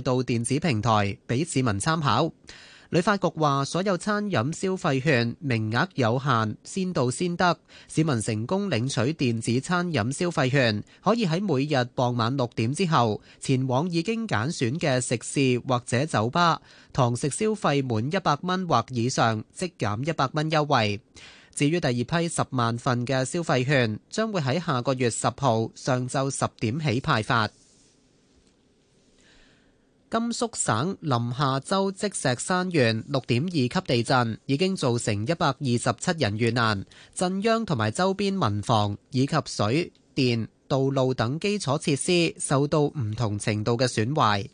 到電子平台俾市民參考。旅發局話：所有餐飲消費券名額有限，先到先得。市民成功領取電子餐飲消費券，可以喺每日傍晚六點之後前往已經揀選嘅食肆或者酒吧堂食，消費滿一百蚊或以上，即減一百蚊優惠。至於第二批十萬份嘅消費券，將會喺下個月十號上晝十點起派發。甘肅省臨夏州積石山縣六點二級地震已經造成一百二十七人遇難，震央，同埋周邊民房以及水電、道路等基礎設施受到唔同程度嘅損壞。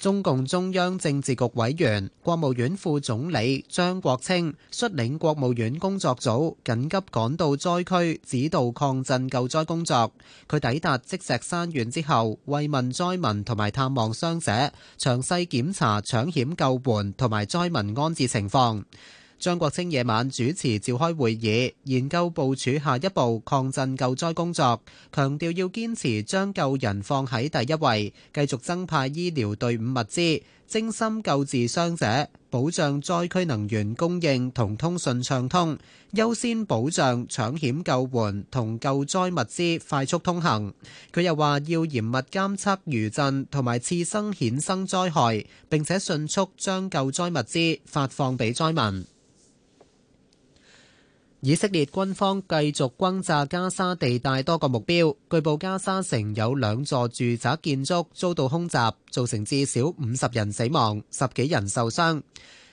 中共中央政治局委員、國務院副總理張國清率領國務院工作組緊急趕到災區，指導抗震救災工作。佢抵達積石山縣之後，慰問災民同埋探望傷者，詳細檢查搶險救援同埋災民安置情況。張國清夜晚主持召開會議，研究部署下一步抗震救災工作，強調要堅持將救人放喺第一位，繼續增派醫療隊伍、物資，精心救治傷者，保障災區能源供應同通訊暢通，優先保障搶險救援同救災物資快速通行。佢又話要嚴密監測餘震同埋次生衍生災害，並且迅速將救災物資發放俾災民。以色列軍方繼續轟炸加沙地帶多個目標，據報，加沙城有兩座住宅建築遭到空襲，造成至少五十人死亡，十幾人受傷。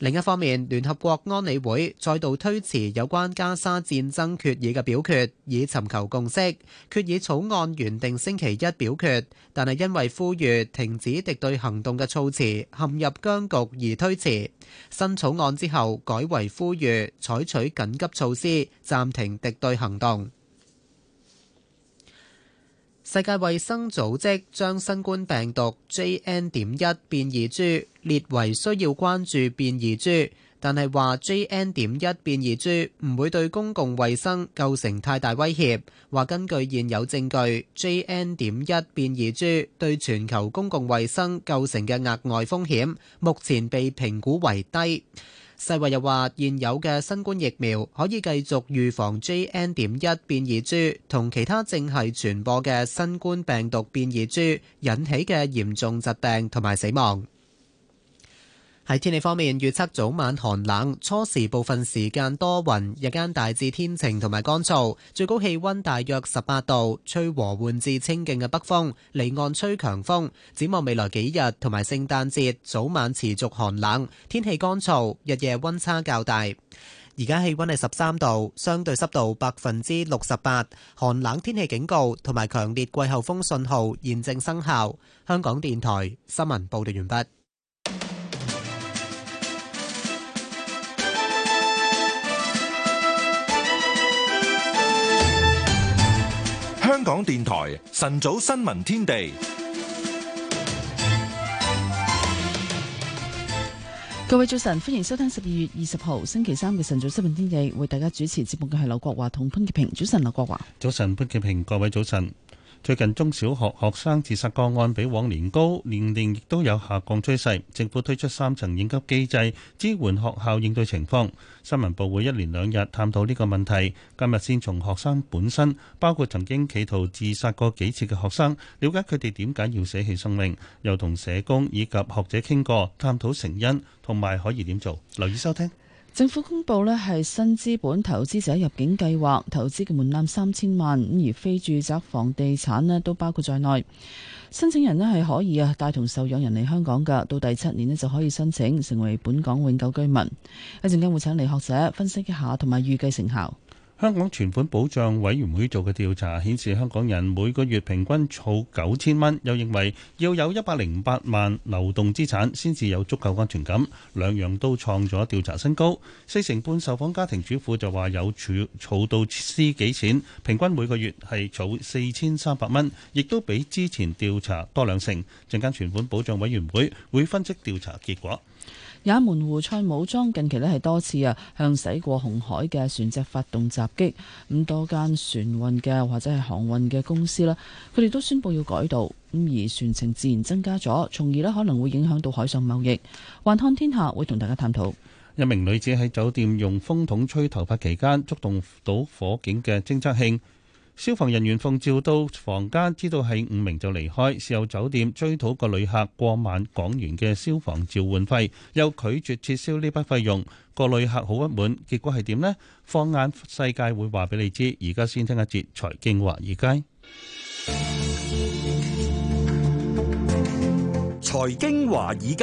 另一方面，聯合國安理會再度推遲有關加沙戰爭決議嘅表決，以尋求共識。決議草案原定星期一表決，但係因為呼籲停止敵對行動嘅措辭陷入僵局而推遲。新草案之後改為呼籲採取緊急措施暫停敵對行動。世界衛生組織將新冠病毒 JN 點一變異株列為需要關注變異株，但係話 JN 點一變異株唔會對公共衛生構成太大威脅。話根據現有證據，JN 點一變異株對全球公共衛生構成嘅額外風險，目前被評估為低。世衛又話，現有嘅新冠疫苗可以繼續預防 JN.1 變異株同其他正係傳播嘅新冠病毒變異株引起嘅嚴重疾病同埋死亡。喺天氣方面，預測早晚寒冷，初時部分時間多雲，日間大致天晴同埋乾燥，最高氣溫大約十八度，吹和緩至清勁嘅北風，離岸吹強風。展望未來幾日同埋聖誕節，早晚持續寒冷，天氣乾燥，日夜溫差較大。而家氣溫係十三度，相對濕度百分之六十八，寒冷天氣警告同埋強烈季候風信號現正生效。香港電台新聞報道完畢。香港電台晨早新聞天地，各位早晨，歡迎收聽十二月二十號星期三嘅晨早新聞天地。為大家主持節目嘅係劉國華同潘潔平。早晨，劉國華。早晨，潘潔平。各位早晨。最近中小學學生自殺個案比往年高，年年亦都有下降趨勢，政府推出三層應急機制，支援學校應對情況，新聞部會一連兩日探討呢個問題，今日先從學生本身，包括曾經企圖自殺過幾次嘅學生，了解佢哋點解要捨棄生命，又同社工以及學者傾過探討成因同埋可以點做。留意收聽。政府公布呢係新資本投資者入境計劃，投資嘅門檻三千萬，咁而非住宅房地產呢都包括在內。申請人呢係可以啊帶同受養人嚟香港噶，到第七年呢就可以申請成為本港永久居民。一陣間會請嚟學者分析一下同埋預計成效。香港存款保障委員會做嘅調查顯示，香港人每個月平均儲九千蚊，又認為要有一百零八萬流動資產先至有足夠安全感，兩樣都創咗調查新高。四成半受訪家庭主婦就話有儲儲到私己錢，平均每個月係儲四千三百蚊，亦都比之前調查多兩成。陣間存款保障委員會會分析調查結果。也門胡塞武裝近期咧係多次啊向駛過紅海嘅船隻發動襲擊，咁多間船運嘅或者係航運嘅公司啦，佢哋都宣布要改道，咁而船程自然增加咗，從而咧可能會影響到海上貿易。環看天下會同大家探討。一名女子喺酒店用風筒吹頭髮期間觸動到火警嘅偵測器。消防人員奉召到房間，知道係五名就離開。事後酒店追討個旅客過萬港元嘅消防召喚費，又拒絕撤銷呢筆費用，個旅客好不滿。結果係點呢？放眼世界會話俾你知。而家先聽一節《財經華爾街》。《財經華爾街》，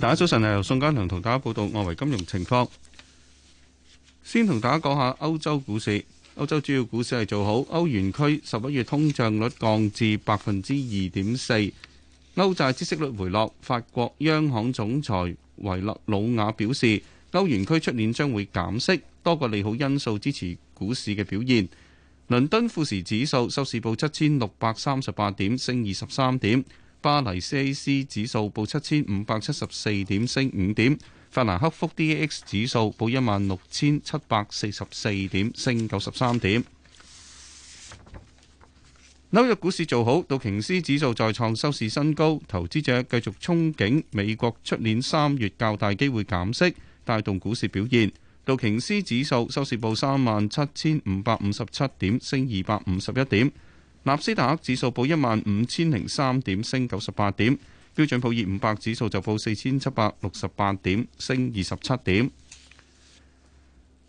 大家早晨由宋嘉良同大家報道外圍金融情況。先同大家講下歐洲股市。歐洲主要股市係做好，歐元區十一月通脹率降至百分之二點四，歐債孳息率回落。法國央行總裁維勒魯瓦表示，歐元區出年將會減息，多個利好因素支持股市嘅表現。倫敦富時指數收市報七千六百三十八點，升二十三點；巴黎 CAC 指數報七千五百七十四點，升五點。法蘭克福 DAX 指數報一萬六千七百四十四點，升九十三點。紐約股市做好，道瓊斯指數再創收市新高，投資者繼續憧憬美國出年三月較大機會減息，帶動股市表現。道瓊斯指數收市報三萬七千五百五十七點，升二百五十一點。納斯達克指數報一萬五千零三點，升九十八點。標準普爾五百指數就報四千七百六十八點，升二十七點。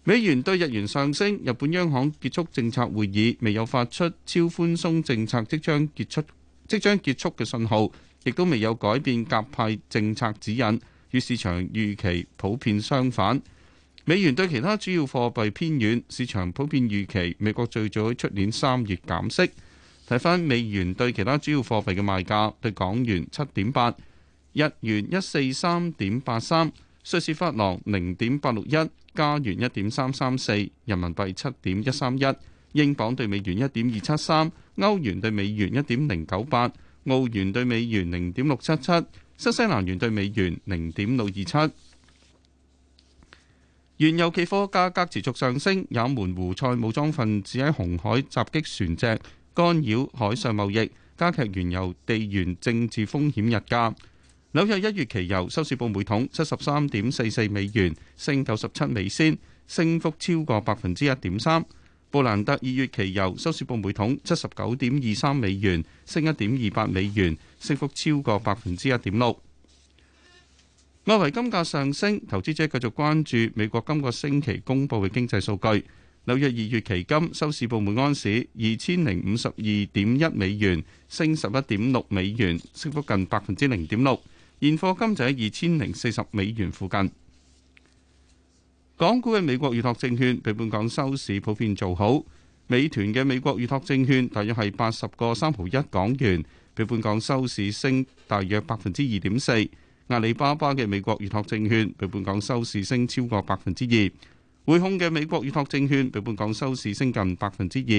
美元對日元上升，日本央行結束政策會議，未有發出超寬鬆政策即將結束即將結束嘅信號，亦都未有改變鴿派政策指引，與市場預期普遍相反。美元對其他主要貨幣偏軟，市場普遍預期美國最早喺出年三月減息。睇翻美元對其他主要貨幣嘅賣價，對港元七點八，日元一四三點八三，瑞士法郎零點八六一，加元一點三三四，人民幣七點一三一，英鎊對美元一點二七三，歐元對美元一點零九八，澳元對美元零點六七七，新西蘭元對美元零點六二七。原油期貨價格持續上升，也門胡塞武裝分子喺紅海襲擊船隻。干擾海上貿易，加劇原油地緣政治風險日加。紐約一月期油收市報每桶七十三點四四美元，升九十七美仙，升幅超過百分之一點三。布蘭特二月期油收市報每桶七十九點二三美元，升一點二八美元，升幅超過百分之一點六。外圍金價上升，投資者繼續關注美國今個星期公佈嘅經濟數據。紐約二月期金收市報每盎司二千零五十二點一美元，升十一點六美元，升幅近百分之零點六。現貨金就喺二千零四十美元附近。港股嘅美國預託證券比本港收市普遍做好。美團嘅美國預託證券大約係八十個三毫一港元，比本港收市升大約百分之二點四。阿里巴巴嘅美國預託證券比本港收市升超過百分之二。匯控嘅美國預託證券比本港收市升近百分之二，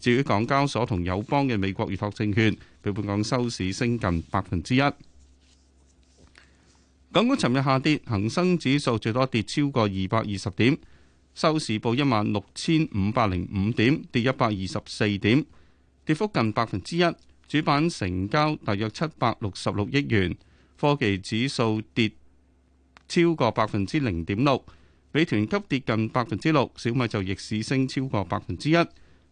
至於港交所同友邦嘅美國預託證券比本港收市升近百分之一。港股尋日下跌，恒生指數最多跌超過二百二十點，收市報一萬六千五百零五點，跌一百二十四點，跌幅近百分之一。主板成交大約七百六十六億元，科技指數跌超過百分之零點六。美團急跌近百分之六，小米就逆市升超過百分之一。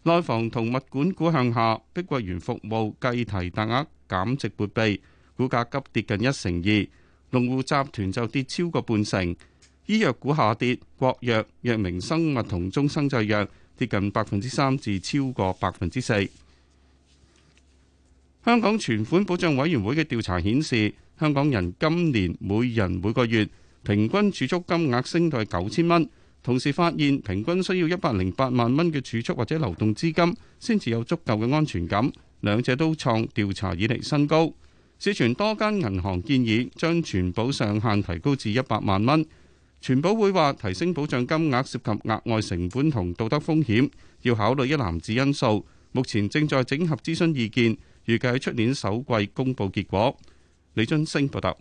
內房同物管股股向下，碧桂園服務計提大額減值撥備，股價急跌近一成二。龍湖集團就跌超過半成。醫藥股下跌，國藥、藥明生物同中生製藥跌近百分之三至超過百分之四。香港存款保障委員會嘅調查顯示，香港人今年每人每個月。平均儲蓄金額升到九千蚊，同時發現平均需要一百零八萬蚊嘅儲蓄或者流動資金先至有足夠嘅安全感，兩者都創調查以嚟新高。市傳多間銀行建議將存保上限提高至一百萬蚊，存保會話提升保障金額涉及額外成本同道德風險，要考慮一籃子因素，目前正在整合諮詢意見，預計喺出年首季公佈結果。李津升報道。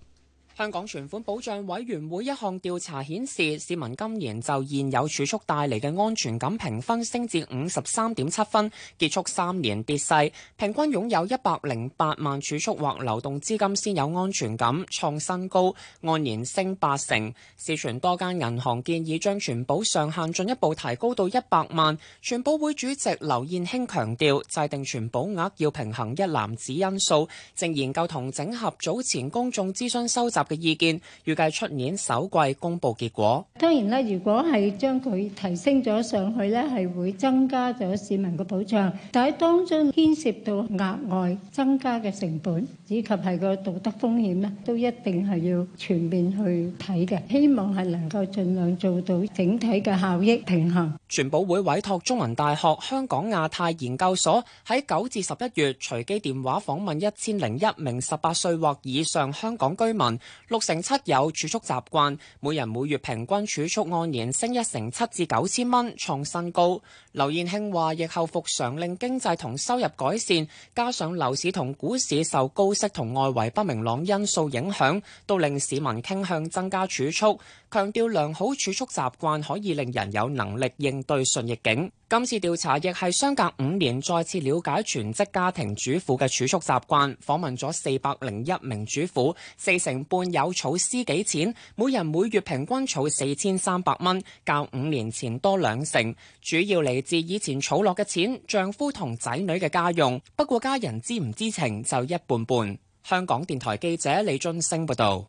香港存款保障委員會一項調查顯示，市民今年就現有儲蓄帶嚟嘅安全感評分升至五十三點七分，結束三年跌勢，平均擁有一百零八萬儲蓄或流動資金先有安全感，創新高，按年升八成。市傳多間銀行建議將存保上限進一步提高到一百萬。存保會主席劉燕卿強調，制定存保額要平衡一籃子因素，正研究同整合早前公眾諮詢收集嘅意見，預計出年首季公布結果。當然啦，如果係將佢提升咗上去咧，係會增加咗市民嘅保障，但係當中牽涉到額外增加嘅成本，以及係個道德風險咧，都一定係要全面去睇嘅。希望係能夠儘量做到整體嘅效益平衡。全保會委託中文大學香港亞太研究所喺九至十一月隨機電話訪問一千零一名十八歲或以上香港居民。六成七有儲蓄習慣，每人每月平均儲蓄按年升一成七至九千蚊，創新高。劉燕慶話：疫後復常令經濟同收入改善，加上樓市同股市受高息同外圍不明朗因素影響，都令市民傾向增加儲蓄。強調良好儲蓄習慣可以令人有能力應對順逆境。今次調查亦係相隔五年再次了解全職家庭主婦嘅儲蓄習慣，訪問咗四百零一名主婦，四成半有儲私己錢，每人每月平均儲四千三百蚊，較五年前多兩成，主要嚟自以前儲落嘅錢，丈夫同仔女嘅家用。不過家人知唔知情就一半半。香港電台記者李津星報導。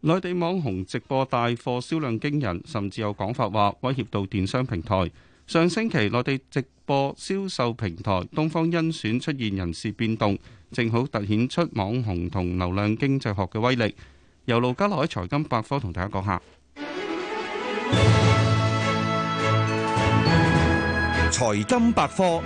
內地網紅直播帶貨銷量驚人，甚至有講法話威脅到電商平台。上星期，內地直播銷售平台東方甄選出現人事變動，正好突顯出網紅同流量經濟學嘅威力。由盧家樂喺財金百科同大家講下。財金百科。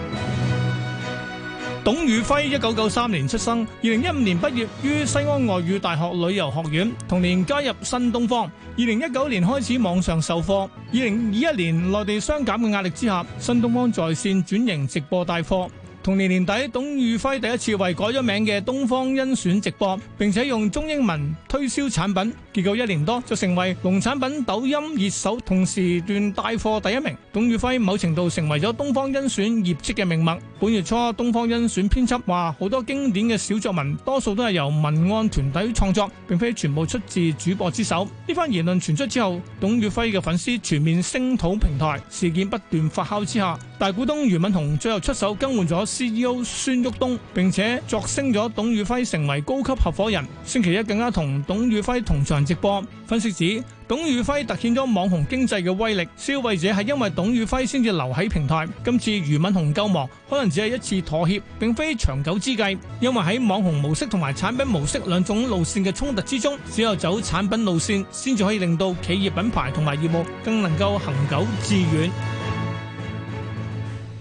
董宇輝一九九三年出生，二零一五年畢業於西安外語大學旅遊學院，同年加入新東方，二零一九年開始網上授課，二零二一年內地雙減嘅壓力之下，新東方在線轉型直播帶貨。同年年底，董宇輝第一次為改咗名嘅東方甄選直播，並且用中英文推銷產品，結果一年多就成為農產品抖音熱搜同時段帶貨第一名。董宇輝某程度成為咗東方甄選業績嘅命脈。本月初，東方甄選編輯話，好多經典嘅小作文，多數都係由文案團隊創作，並非全部出自主播之手。呢番言論傳出之後，董宇輝嘅粉絲全面聲討平台，事件不斷發酵之下。大股東俞敏洪最後出手更換咗 CEO 孫旭東，並且擢升咗董宇輝成為高級合伙人。星期一更加同董宇輝同場直播。分析指董宇輝凸顯咗網紅經濟嘅威力，消費者係因為董宇輝先至留喺平台。今次俞敏洪救亡可能只係一次妥協，並非長久之計。因為喺網紅模式同埋產品模式兩種路線嘅衝突之中，只有走產品路線先至可以令到企業品牌同埋業務更能夠恆久致遠。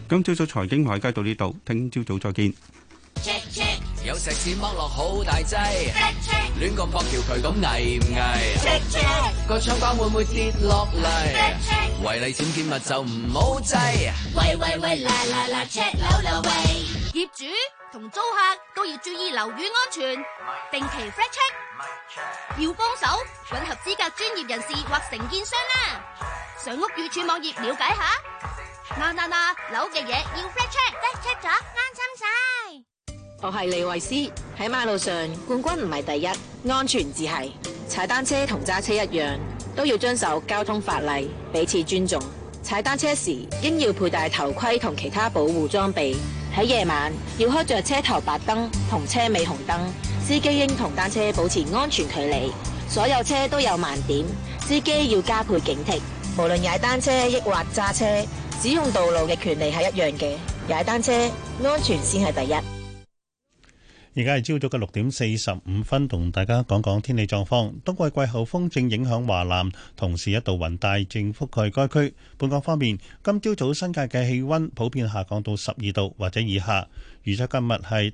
今朝早財經快街到呢度，聽朝早再見。Check check 有石屎剝落好大劑，check check 亂個破橋渠咁危唔危，check check 個窗框會唔會跌落嚟？check check 違例僭建物就唔好製，喂喂喂啦啦啦 check low low way，業主同租客都要注意樓宇安全，定期 check check 要幫手，揾合資格專業人士或承建商啦，上屋宇署網頁了解下。嗱嗱嗱，老嘅嘢要 check check 咗安心晒。我係李慧思。喺馬路上冠軍唔係第一，安全至係。踩單車同揸車一樣，都要遵守交通法例，彼此尊重。踩單車時應要佩戴頭盔同其他保護裝備。喺夜晚要開着車頭白燈同車尾紅燈。司機應同單車保持安全距離。所有車都有盲點，司機要加倍警惕。無論踩單車抑或揸車。使用道路嘅權利係一樣嘅，踩單車安全先係第一。而家係朝早嘅六點四十五分，同大家講講天氣狀況。冬，冬季季候風正影響華南，同時一道雲帶正覆蓋該區。本港方面，今朝早新界嘅氣溫普遍下降到十二度或者以下。預測今日係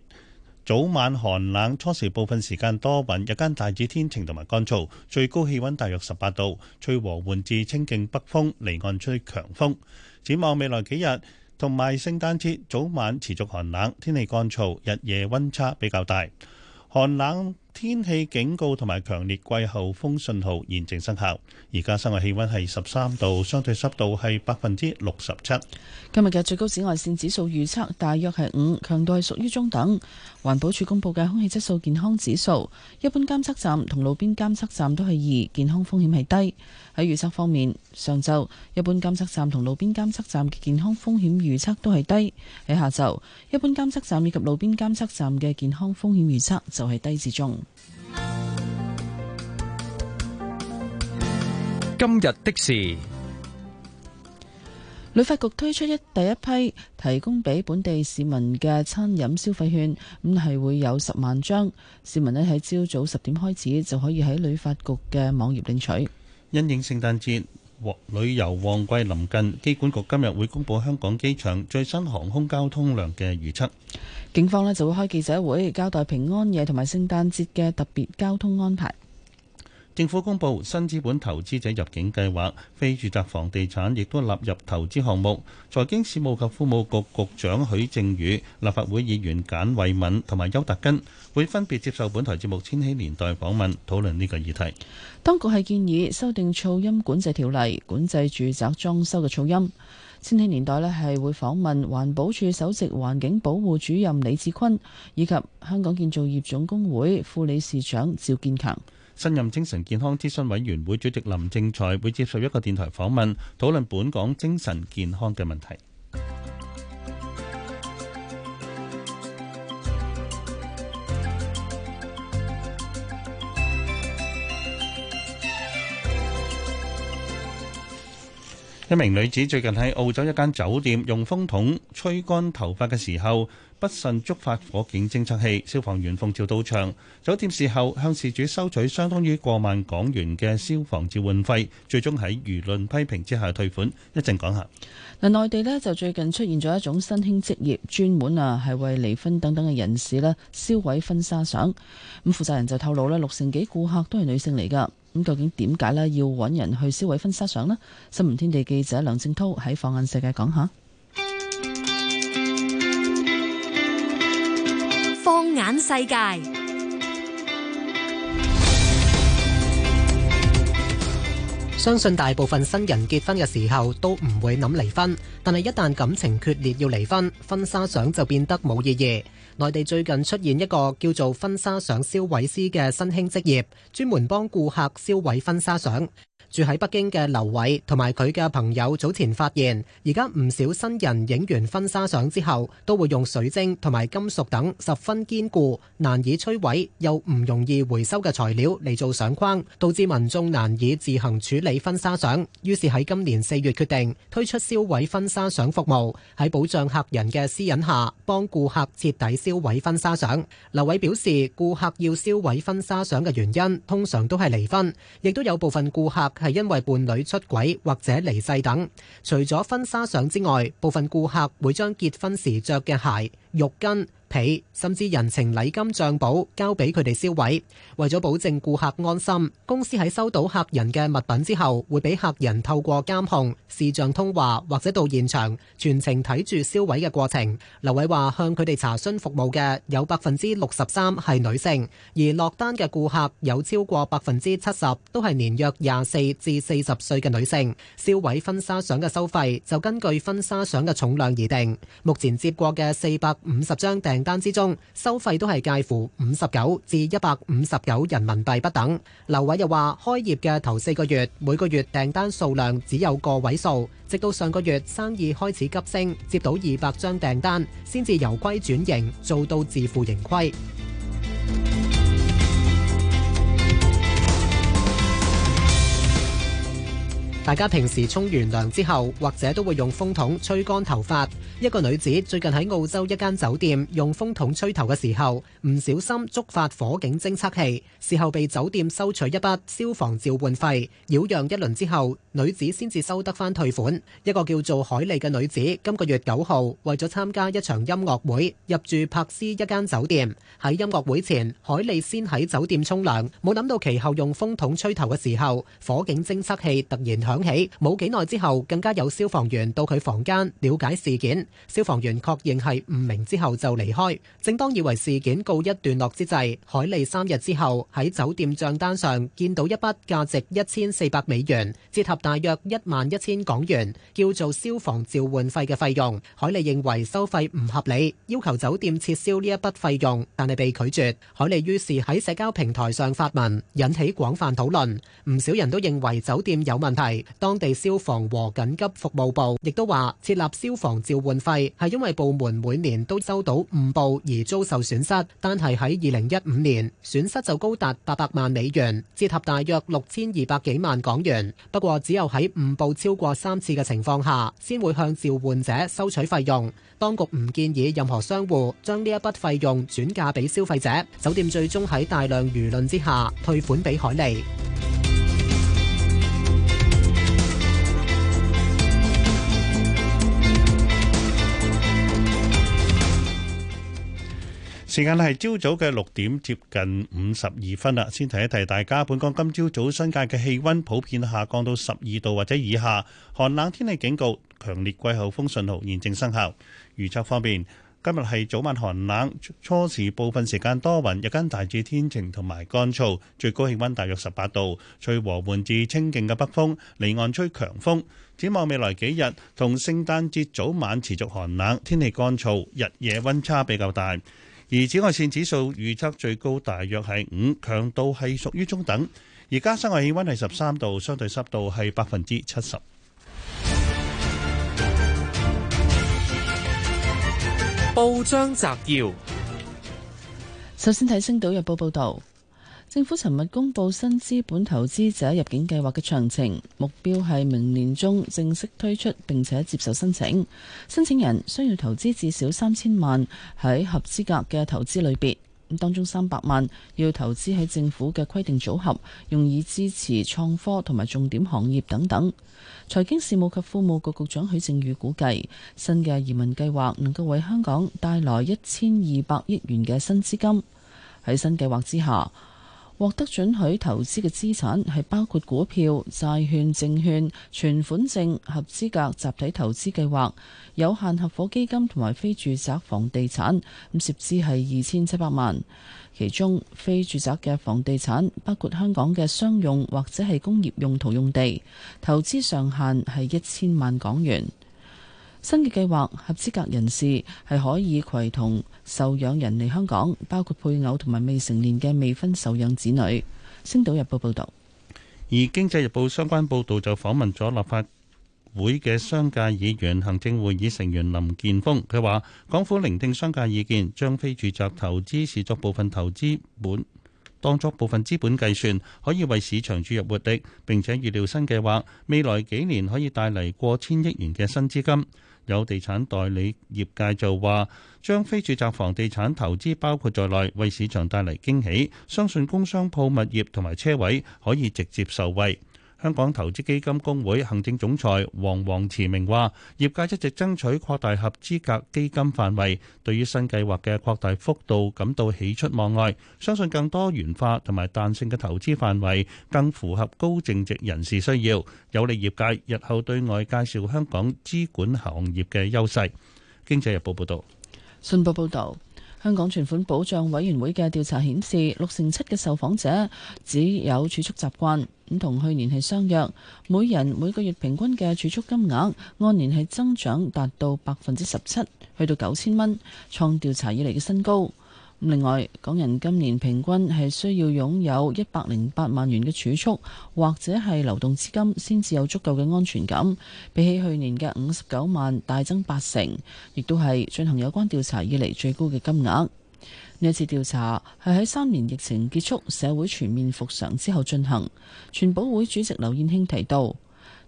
早晚寒冷，初時部分時間多雲，日間大致天晴同埋乾燥，最高氣溫大約十八度，吹和緩至清勁北風，離岸吹強風。展望未來幾日同埋聖誕節早晚持續寒冷，天氣乾燥，日夜溫差比較大。寒冷天氣警告同埋強烈季候風信號現正生效。而家室外氣溫係十三度，相對濕度係百分之六十七。今日嘅最高紫外線指數預測大約係五，強度係屬於中等。環保署公布嘅空氣質素健康指數，一般監測站同路邊監測站都係二，健康風險係低。喺預測方面，上晝一般監測站同路邊監測站嘅健康風險預測都係低；喺下晝，一般監測站以及路邊監測站嘅健康風險預測就係低至中。今日的事。旅發局推出一第一批提供俾本地市民嘅餐飲消費券，咁係會有十萬張。市民呢喺朝早十點開始就可以喺旅發局嘅網頁領取。因應聖誕節、旅遊旺季臨近，機管局今日會公布香港機場最新航空交通量嘅預測。警方呢就會開記者會交代平安夜同埋聖誕節嘅特別交通安排。政府公布新資本投資者入境計劃，非住宅房地產亦都納入投資項目。財經事務及庫務局局長許正宇、立法會議員簡慧敏同埋邱達根會分別接受本台節目《千禧年代》訪問，討論呢個議題。當局係建議修訂噪音管制條例，管制住宅裝修嘅噪音。《千禧年代》呢係會訪問環保署首席環境保護主任李志坤以及香港建造業總工會副理事長趙建強。新任精神健康諮詢委員會主席林正才會接受一個電台訪問，討論本港精神健康嘅問題。一名女子最近喺澳洲一間酒店用風筒吹乾頭髮嘅時候。不慎觸發火警偵測器，消防員奉召到場。酒店事後向事主收取相當於過萬港元嘅消防召喚費，最終喺輿論批評之下退款。一陣講下。嗱，內地呢就最近出現咗一種新興職業，專門啊係為離婚等等嘅人士呢燒毀婚紗相。咁負責人就透露咧，六成幾顧客都係女性嚟㗎。咁究竟點解呢，要揾人去燒毀婚紗相呢？新聞天地記者梁正滔喺放眼世界講下。眼，相信大部分新人結婚嘅時候都唔會諗離婚，但係一旦感情決裂要離婚，婚紗相就變得冇意義。內地最近出現一個叫做婚紗相銷毀師嘅新興職業，專門幫顧客銷毀婚紗相。住喺北京嘅劉偉同埋佢嘅朋友早前發現而家唔少新人影完婚紗相之後都會用水晶同埋金屬等十分堅固，難以摧毀又唔容易回收嘅材料嚟做相框，導致民眾難以自行處理婚紗相，於是喺今年四月決定推出銷毀婚紗相服務，喺保障客人嘅私隱下，幫顧客徹底銷毀婚紗相。劉偉表示，顧客要銷毀婚紗相嘅原因，通常都係離婚，亦都有部分顧客。係因為伴侶出軌或者離世等，除咗婚紗相之外，部分顧客會將結婚時着嘅鞋、浴巾、被甚至人情禮金賬簿交俾佢哋銷毀，為咗保證顧客安心，公司喺收到客人嘅物品之後，會俾客人透過監控、視像通話或者到現場全程睇住銷毀嘅過程。劉偉話：向佢哋查詢服務嘅有百分之六十三係女性，而落單嘅顧客有超過百分之七十都係年約廿四至四十歲嘅女性。銷毀婚紗相嘅收費就根據婚紗相嘅重量而定。目前接過嘅四百五十張訂訂單之中，收費都係介乎五十九至一百五十九人民幣不等。劉偉又話，開業嘅頭四個月，每個月訂單數量只有個位數，直到上個月生意開始急升，接到二百張訂單，先至由虧轉型，做到自負盈虧。大家平時沖完涼之後，或者都會用風筒吹乾頭髮。一個女子最近喺澳洲一間酒店用風筒吹頭嘅時候，唔小心觸發火警偵測器，事後被酒店收取一筆消防召喚費，擾攘一輪之後，女子先至收得返退款。一個叫做海利嘅女子今個月九號為咗參加一場音樂會，入住柏斯一間酒店。喺音樂會前，海利先喺酒店沖涼，冇諗到其後用風筒吹頭嘅時候，火警偵測器突然響起，冇幾耐之後，更加有消防員到佢房間了解事件。消防員確認係唔明之後就離開。正當以為事件告一段落之際，海利三日之後喺酒店賬單上見到一筆價值一千四百美元，折合大約一萬一千港元，叫做消防召喚費嘅費用。海利認為收費唔合理，要求酒店撤銷呢一筆費用，但係被拒絕。海利於是喺社交平台上發文，引起廣泛討論。唔少人都認為酒店有問題。當地消防和緊急服務部亦都話設立消防召喚費係因為部門每年都收到誤報而遭受損失，但係喺二零一五年損失就高達八百萬美元，折合大約六千二百幾萬港元。不過只有喺誤報超過三次嘅情況下，先會向召喚者收取費用。當局唔建議任何商戶將呢一筆費用轉嫁俾消費者。酒店最終喺大量輿論之下，退款俾海利。時間係朝早嘅六點，接近五十二分啦。先提一提大家，本港今朝早新界嘅氣溫普遍下降到十二度或者以下，寒冷天氣警告、強烈季候風信號現正生效。預測方面，今日係早晚寒冷，初時部分時間多雲，日間大致天晴同埋乾燥，最高氣溫大約十八度，吹和緩至清勁嘅北風，離岸吹強風。展望未來幾日同聖誕節早晚持續寒冷，天氣乾燥，日夜溫差比較大。而紫外線指數預測最高大約係五，強度係屬於中等。而家室外氣溫係十三度，相對濕度係百分之七十。報章摘要：首先睇《星島日報》報道。政府尋日公布新資本投資者入境計劃嘅詳情，目標係明年中正式推出並且接受申請。申請人需要投資至少三千萬喺合資格嘅投資類別，咁當中三百萬要投資喺政府嘅規定組合，用以支持創科同埋重點行業等等。財經事務及庫務局局局長許正宇估計，新嘅移民計劃能夠為香港帶來一千二百億元嘅新資金。喺新計劃之下，獲得准許投資嘅資產係包括股票、債券、證券、存款證、合資格集體投資計劃、有限合夥基金同埋非住宅房地產。咁涉資係二千七百萬，其中非住宅嘅房地產包括香港嘅商用或者係工業用途用地，投資上限係一千萬港元。新嘅計劃，合資格人士係可以携同受養人嚟香港，包括配偶同埋未成年嘅未婚受養子女。星島日報報道，而經濟日報相關報道就訪問咗立法會嘅商界議員、行政會議成員林健鋒，佢話港府聆聽商界意見，將非住宅投資視作部分投資本，當作部分資本計算，可以為市場注入活力，並且預料新計劃未來幾年可以帶嚟過千億元嘅新資金。有地產代理業界就話，將非住宅房地產投資包括在內，為市場帶嚟驚喜，相信工商舖物業同埋車位可以直接受惠。香港投資基金工會行政總裁黃王慈明話，業界一直爭取擴大合資格基金範圍，對於新計劃嘅擴大幅度感到喜出望外，相信更多元化同埋彈性嘅投資範圍，更符合高淨值人士需要，有利業界日後對外介紹香港資管行業嘅優勢。經濟日報報道，信報報道。香港存款保障委員會嘅調查顯示，六成七嘅受訪者只有儲蓄習慣，咁同去年係相約，每人每個月平均嘅儲蓄金額按年係增長，達到百分之十七，去到九千蚊，創調查以嚟嘅新高。另外，港人今年平均係需要擁有一百零八萬元嘅儲蓄或者係流動資金，先至有足夠嘅安全感，比起去年嘅五十九萬大增八成，亦都係進行有關調查以嚟最高嘅金額。呢次調查係喺三年疫情結束、社會全面復常之後進行。全保會主席劉燕興提到，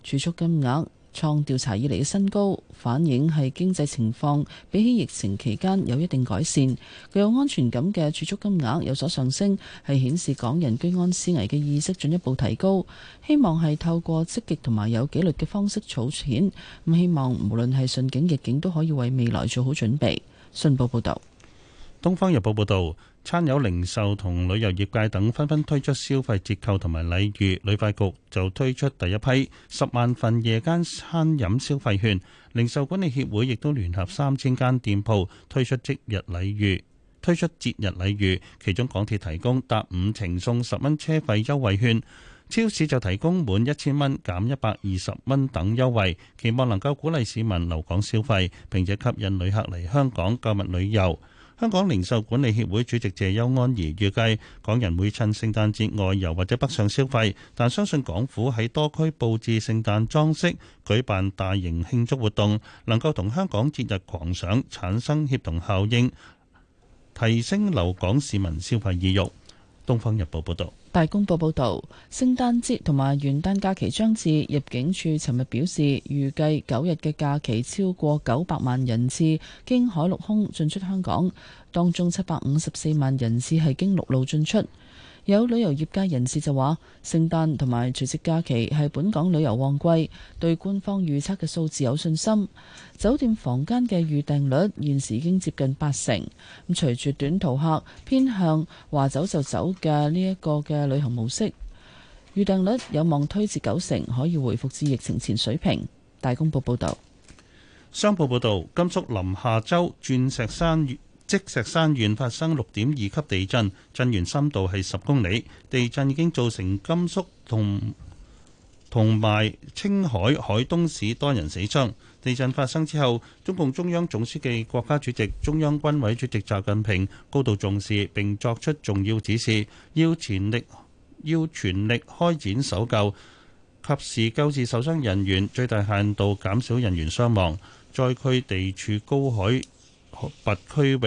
儲蓄金額創調查以嚟嘅新高，反映係經濟情況比起疫情期間有一定改善，具有安全感嘅儲蓄金額有所上升，係顯示港人居安思危嘅意識進一步提高。希望係透過積極同埋有紀律嘅方式儲錢，咁希望無論係順境逆境都可以為未來做好準備。信報報道：《東方日報》報道。餐飲、零售同旅遊業界等，紛紛推出消費折扣同埋禮遇。旅發局就推出第一批十萬份夜間餐飲消費券，零售管理協會亦都聯合三千間店鋪推出即日禮遇。推出節日禮遇，其中港鐵提供搭五程送十蚊車費優惠券，超市就提供滿一千蚊減一百二十蚊等優惠，期望能夠鼓勵市民留港消費，並且吸引旅客嚟香港購物旅遊。香港零售管理協會主席謝邱安儀預計港人會趁聖誕節外遊或者北上消費，但相信港府喺多區布置聖誕裝飾、舉辦大型慶祝活動，能夠同香港節日狂想產生協同效應，提升留港市民消費意欲。《東方日報》報道。大公報報道，聖誕節同埋元旦假期將至，入境處尋日表示，預計九日嘅假期超過九百萬人次經海陸空進出香港，當中七百五十四萬人次係經陸路進出。有旅遊業界人士就話，聖誕同埋除夕假期係本港旅遊旺季，對官方預測嘅數字有信心。酒店房間嘅預訂率現時已經接近八成，咁隨住短途客偏向話走就走嘅呢一個嘅旅行模式，預訂率有望推至九成，可以回復至疫情前水平。大公報報道，商報《商報報道，甘肅臨夏州鑽石山月。積石山縣發生六點二級地震，震源深度係十公里。地震已經造成甘肅同同埋青海海東市多人死傷。地震發生之後，中共中央總書記、國家主席、中央軍委主席習近平高度重視並作出重要指示，要全力要全力開展搜救，及時救治受傷人員，最大限度減少人員傷亡。災區地處高海。海拔區域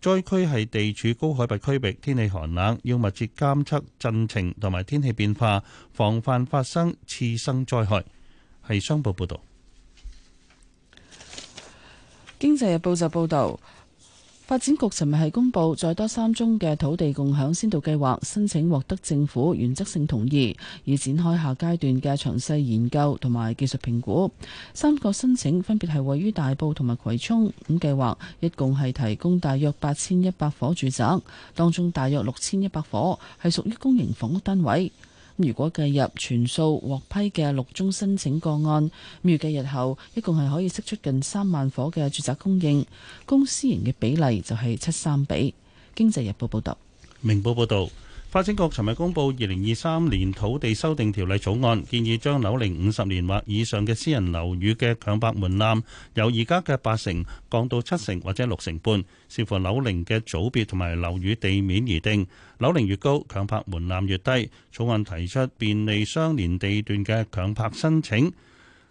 災區係地處高海拔區域，天氣寒冷，要密切監測震情同埋天氣變化，防範發生次生災害。係商報報導，《經濟日報》就報導。發展局尋日係公布再多三宗嘅土地共享先導計劃申請獲得政府原則性同意，以展開下階段嘅詳細研究同埋技術評估。三個申請分別係位於大埔同埋葵涌，咁計劃一共係提供大約八千一百伙住宅，當中大約六千一百伙係屬於公營房屋單位。如果計入全數獲批嘅六宗申請個案，預計日後一共係可以釋出近三萬伙嘅住宅供應，公私營嘅比例就係七三比。經濟日報報道，明報報道。發展局尋日公布《二零二三年土地修訂條例草案》，建議將樓齡五十年或以上嘅私人樓宇嘅強拍門檻，由而家嘅八成降到七成或者六成半。視乎樓齡嘅組別同埋樓宇地面而定，樓齡越高，強拍門檻越低。草案提出便利相連地段嘅強拍申請，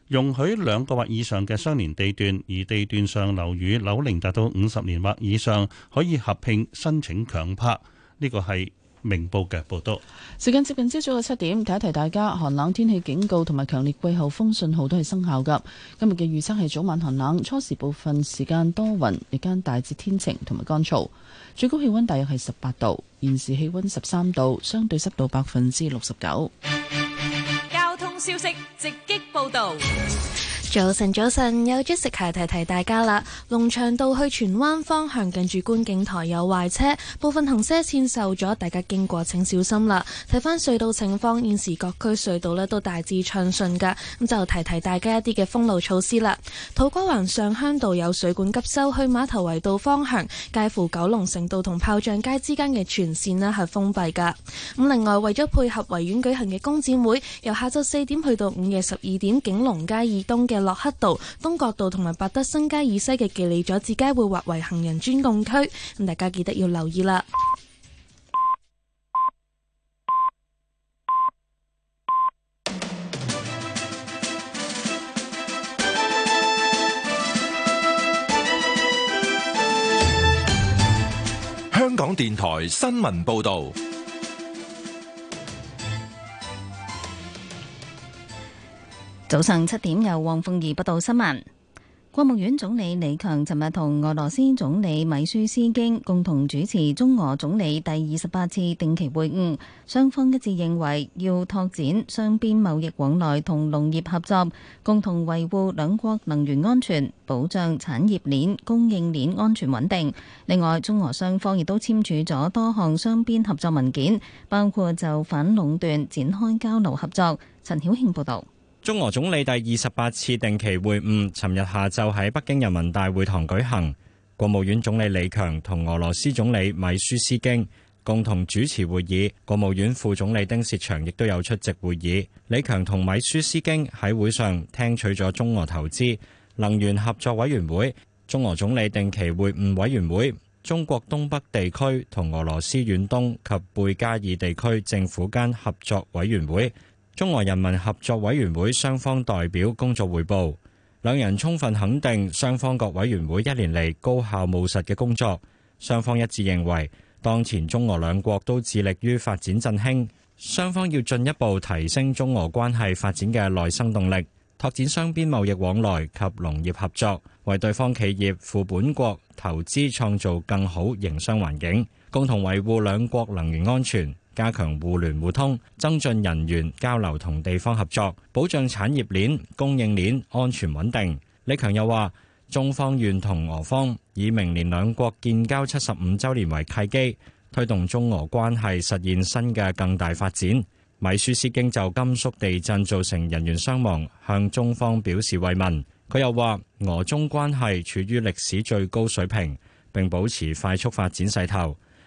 容許兩個或以上嘅相連地段，而地段上樓宇樓齡達到五十年或以上，可以合併申請強拍。呢個係明報嘅報道，時間接近朝早嘅七點，提一提大家，寒冷天氣警告同埋強烈季候風信號都係生效㗎。今日嘅預測係早晚寒冷，初時部分時間多雲，日間大致天晴同埋乾燥，最高氣溫大約係十八度，現時氣溫十三度，相對濕度百分之六十九。交通消息直擊報道。早晨，早晨，有 Jessica 提提大家啦。龍翔道去荃灣方向近住觀景台有壞車，部分行車線受阻，大家經過請小心啦。睇翻隧道情況，現時各區隧道咧都大致暢順噶。咁就提提大家一啲嘅封路措施啦。土瓜灣上鄉道有水管急修，去碼頭圍道方向介乎九龍城道同炮仗街之間嘅全線咧係封閉噶。咁另外為咗配合維園舉行嘅公展會，由下晝四點去到午夜十二點，景隆街以東嘅。洛克道、東角道同埋百德新街以西嘅記利佐治街會劃為行人專用區，咁大家記得要留意啦。香港電台新聞報道。早上七點，由汪鳳儀報道新聞。國務院總理李強尋日同俄羅斯總理米舒斯京共同主持中俄總理第二十八次定期會晤，雙方一致認為要拓展雙邊貿易往來同農業合作，共同維護兩國能源安全，保障產業鏈、供應鏈安全穩定。另外，中俄雙方亦都簽署咗多項雙邊合作文件，包括就反壟斷展開交流合作。陳曉慶報道。中俄總理第二十八次定期會晤，尋日下晝喺北京人民大會堂舉行。國務院總理李強同俄羅斯總理米舒斯京共同主持會議，國務院副總理丁薛祥亦都有出席會議。李強同米舒斯京喺會上聽取咗中俄投資能源合作委員會、中俄總理定期會晤委員會、中國東北地區同俄羅斯遠東及貝加爾地區政府間合作委員會。中俄人民合作委員會雙方代表工作匯報，兩人充分肯定雙方各委員會一年嚟高效務實嘅工作。雙方一致認為，當前中俄兩國都致力於發展振興，雙方要進一步提升中俄關係發展嘅內生動力，拓展雙邊貿易往來及農業合作，為對方企業赴本國投資創造更好營商環境，共同維護兩國能源安全。加強互聯互通，增進人員交流同地方合作，保障產業鏈供應鏈安全穩定。李強又話：中方願同俄方以明年兩國建交七十五週年為契機，推動中俄關係實現新嘅更大發展。米舒斯京就甘肅地震造成人員傷亡，向中方表示慰問。佢又話：俄中關係處於歷史最高水平，並保持快速發展勢頭。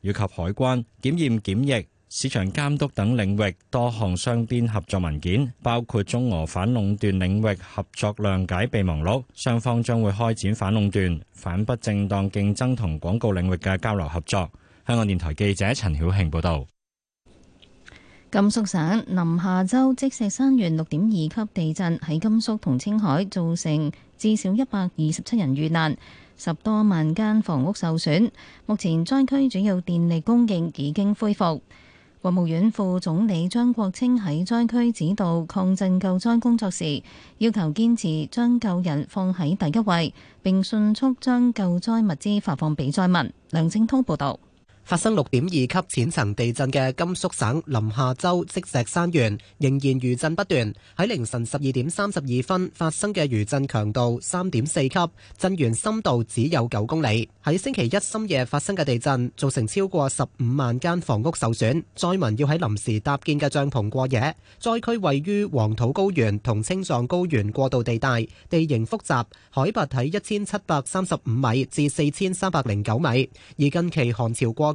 以及海關檢驗檢疫、市場監督等領域多項雙邊合作文件，包括中俄反壟斷領域合作諒解備忘錄，雙方將會開展反壟斷、反不正當競爭同廣告領域嘅交流合作。香港電台記者陳曉慶報道。甘肅省臨夏州積石山縣六點二級地震喺甘肅同青海造成至少一百二十七人遇難。十多萬間房屋受損，目前災區主要電力供應已經恢復，國務院副總理張國清喺災區指導抗震救災工作時，要求堅持將救人放喺第一位，並迅速將救災物資發放俾災民。梁正濤報道。發生六點二級淺層地震嘅甘肅省臨夏州積石山縣，仍然餘震不斷。喺凌晨十二點三十二分發生嘅餘震強度三點四級，震源深度只有九公里。喺星期一深夜發生嘅地震，造成超過十五萬間房屋受損，災民要喺臨時搭建嘅帳篷過夜。災區位於黃土高原同青藏高原過渡地帶，地形複雜，海拔喺一千七百三十五米至四千三百零九米。而近期寒潮過，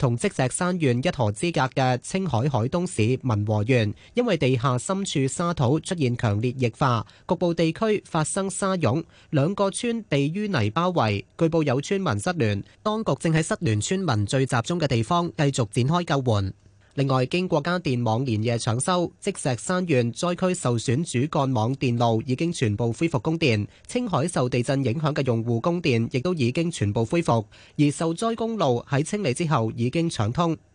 同積石山縣一河之隔嘅青海海東市民和縣，因為地下深處沙土出現強烈液化，局部地區發生沙湧，兩個村被淤泥包圍，據報有村民失聯，當局正喺失聯村民最集中嘅地方繼續展開救援。另外，經國家電網連夜搶修，積石山縣災區受損主幹網電路已經全部恢復供電；青海受地震影響嘅用戶供電亦都已經全部恢復，而受災公路喺清理之後已經搶通。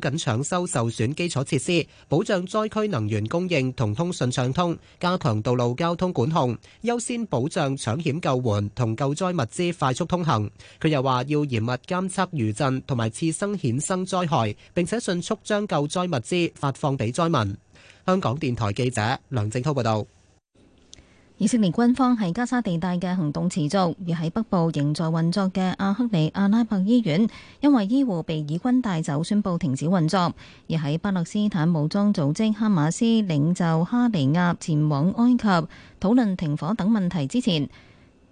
緊搶修受損基礎設施，保障災區能源供應同通訊暢通，加強道路交通管控，優先保障搶險救援同救災物資快速通行。佢又話要嚴密監測餘震同埋次生衍生災害，並且迅速將救災物資發放俾災民。香港電台記者梁正濤報道。以色列軍方喺加沙地帶嘅行動持續，而喺北部仍在運作嘅阿克利阿拉伯醫院，因為醫護被以軍帶走，宣布停止運作。而喺巴勒斯坦武裝組織哈馬斯領袖哈尼亞前往埃及討論停火等問題之前，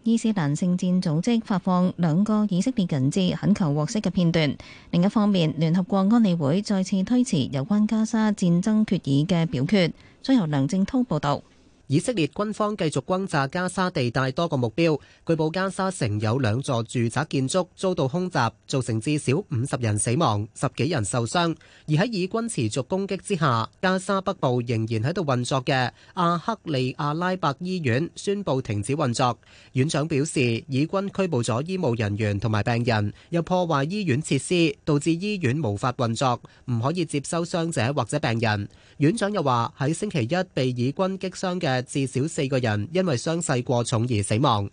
伊斯蘭聖戰組織發放兩個以色列人質懇求獲釋嘅片段。另一方面，聯合國安理會再次推遲有關加沙戰爭決議嘅表決，將由梁正濤報導。以色列軍方繼續轟炸加沙地帶多個目標，據報加沙城有兩座住宅建築遭到空襲，造成至少五十人死亡、十幾人受傷。而喺以軍持續攻擊之下，加沙北部仍然喺度運作嘅阿克利亞拉伯醫院宣布停止運作。院長表示，以軍拘捕咗醫務人員同埋病人，又破壞醫院設施，導致醫院無法運作，唔可以接收傷者或者病人。院長又話，喺星期一被以軍擊傷嘅。至少四個人因為傷勢過重而死亡。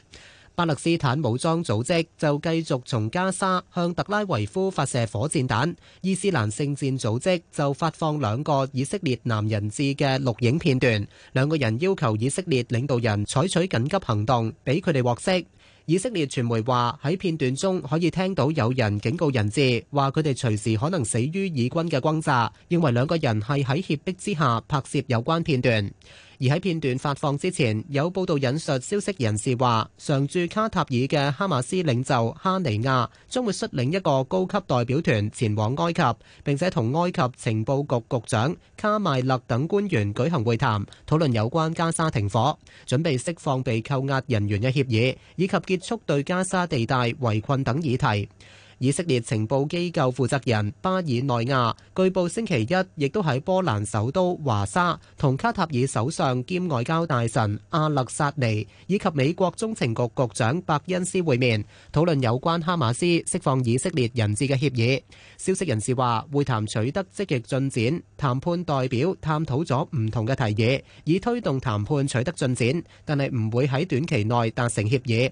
巴勒斯坦武裝組織就繼續從加沙向特拉維夫發射火箭彈，伊斯蘭聖戰組織就發放兩個以色列男人質嘅錄影片段。兩個人要求以色列領導人採取緊急行動，俾佢哋獲釋。以色列傳媒話，喺片段中可以聽到有人警告人質，話佢哋隨時可能死於以軍嘅轟炸，認為兩個人係喺脅迫之下拍攝有關片段。而喺片段發放之前，有報道引述消息人士話，常駐卡塔爾嘅哈馬斯領袖哈尼亞將會率領一個高級代表團前往埃及，並且同埃及情報局局長卡麥勒等官員舉行會談，討論有關加沙停火、準備釋放被扣押人員嘅協議，以及結束對加沙地帶圍困等議題。以色列情報機構負責人巴爾內亞，據報星期一亦都喺波蘭首都華沙，同卡塔爾首相兼外交大臣阿勒薩尼，以及美國中情局局長伯恩斯會面，討論有關哈馬斯，釋放以色列人質嘅協議。消息人士話，會談取得積極進展，談判代表探討咗唔同嘅提議，以推動談判取得進展，但係唔會喺短期內達成協議。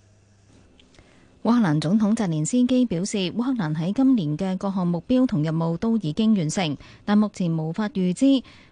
烏克蘭總統澤連斯基表示，烏克蘭喺今年嘅各項目標同任務都已經完成，但目前無法預知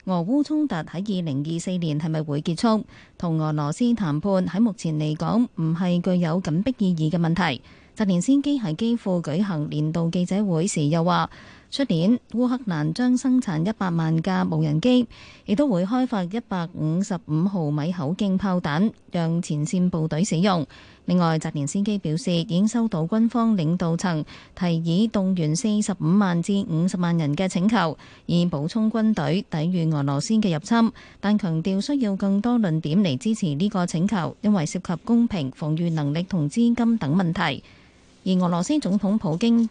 俄烏衝突喺二零二四年係咪會結束。同俄羅斯談判喺目前嚟講唔係具有緊迫意義嘅問題。澤連斯基喺基輔舉行年度記者會時又話。出年烏克蘭將生產一百萬架無人機，亦都會開發一百五十五毫米口徑炮彈，讓前線部隊使用。另外，澤連斯基表示，已經收到軍方領導層提議動員四十五萬至五十萬人嘅請求，以補充軍隊抵御俄羅斯嘅入侵，但強調需要更多論點嚟支持呢個請求，因為涉及公平防御能力同資金等問題，而俄羅斯總統普京。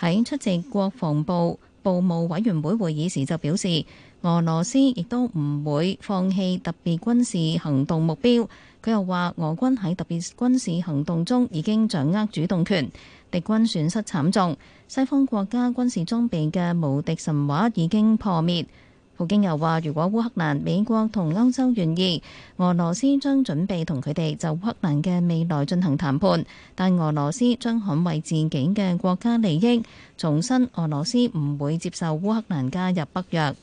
喺出席國防部部務委員會會議時就表示，俄羅斯亦都唔會放棄特別軍事行動目標。佢又話，俄軍喺特別軍事行動中已經掌握主動權，敵軍損失慘重，西方國家軍事裝備嘅無敵神話已經破滅。普京又話：如果烏克蘭、美國同歐洲願意，俄羅斯將準備同佢哋就烏克蘭嘅未來進行談判。但俄羅斯將捍衞自己嘅國家利益，重申俄羅斯唔會接受烏克蘭加入北約。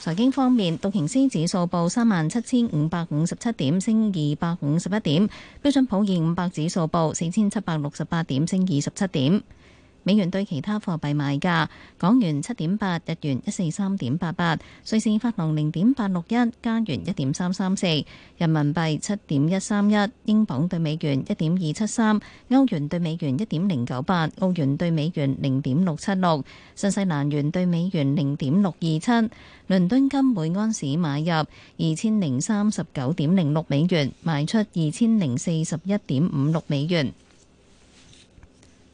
財經方面，道瓊斯指數報三萬七千五百五十七點，升二百五十一點；標準普爾五百指數報四千七百六十八點，升二十七點。美元對其他貨幣賣價：港元七點八，日元一四三點八八，瑞士法郎零點八六一，加元一點三三四，人民幣七點一三一，英鎊對美元一點二七三，歐元對美元一點零九八，澳元對美元零點六七六，新西蘭元對美元零點六二七。倫敦金每安士買入二千零三十九點零六美元，賣出二千零四十一點五六美元。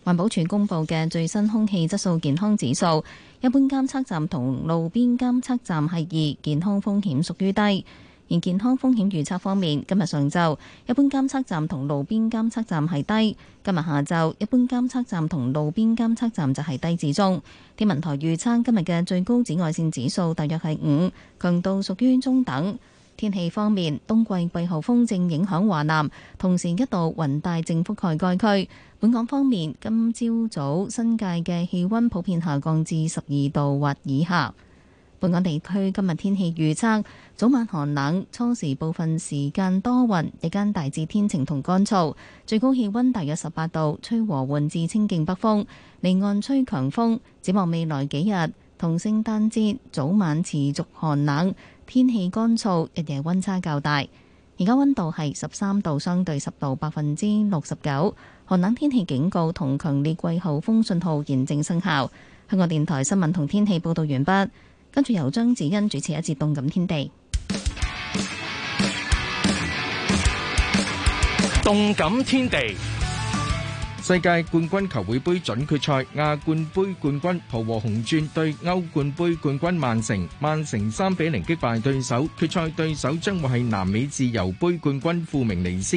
環保署公布嘅最新空氣質素健康指數，一般監測站同路邊監測站係二，健康風險屬於低。而健康風險預測方面，今日上晝，一般監測站同路邊監測站係低，今日下晝，一般監測站同路邊監測站就係低至中。天文台預測今日嘅最高紫外線指數大約係五，強度屬於中等。天氣方面，冬季季候風正影響華南，同時一度雲帶正覆蓋該區。本港方面，今朝早，早新界嘅氣溫普遍下降至十二度或以下。本港地區今日天，天氣預測，早晚寒冷，初時部分時間多雲，日間大致天晴同乾燥，最高氣溫大約十八度，吹和緩至清勁北風，離岸吹強風。展望未來幾日，同聖誕節，早晚持續寒冷，天氣乾燥，日夜温差較大。而家温度係十三度，相對濕度百分之六十九。寒冷天氣警告同強烈季候風信號現正生效。香港電台新聞同天氣報道完畢。跟住由張子欣主持一節動感天地。動感天地，世界冠軍球會杯準決賽，亞冠杯冠軍浦和紅鑽對歐冠杯冠軍曼城，曼城三比零擊敗對手。決賽對手將會係南美自由杯冠軍富明尼斯。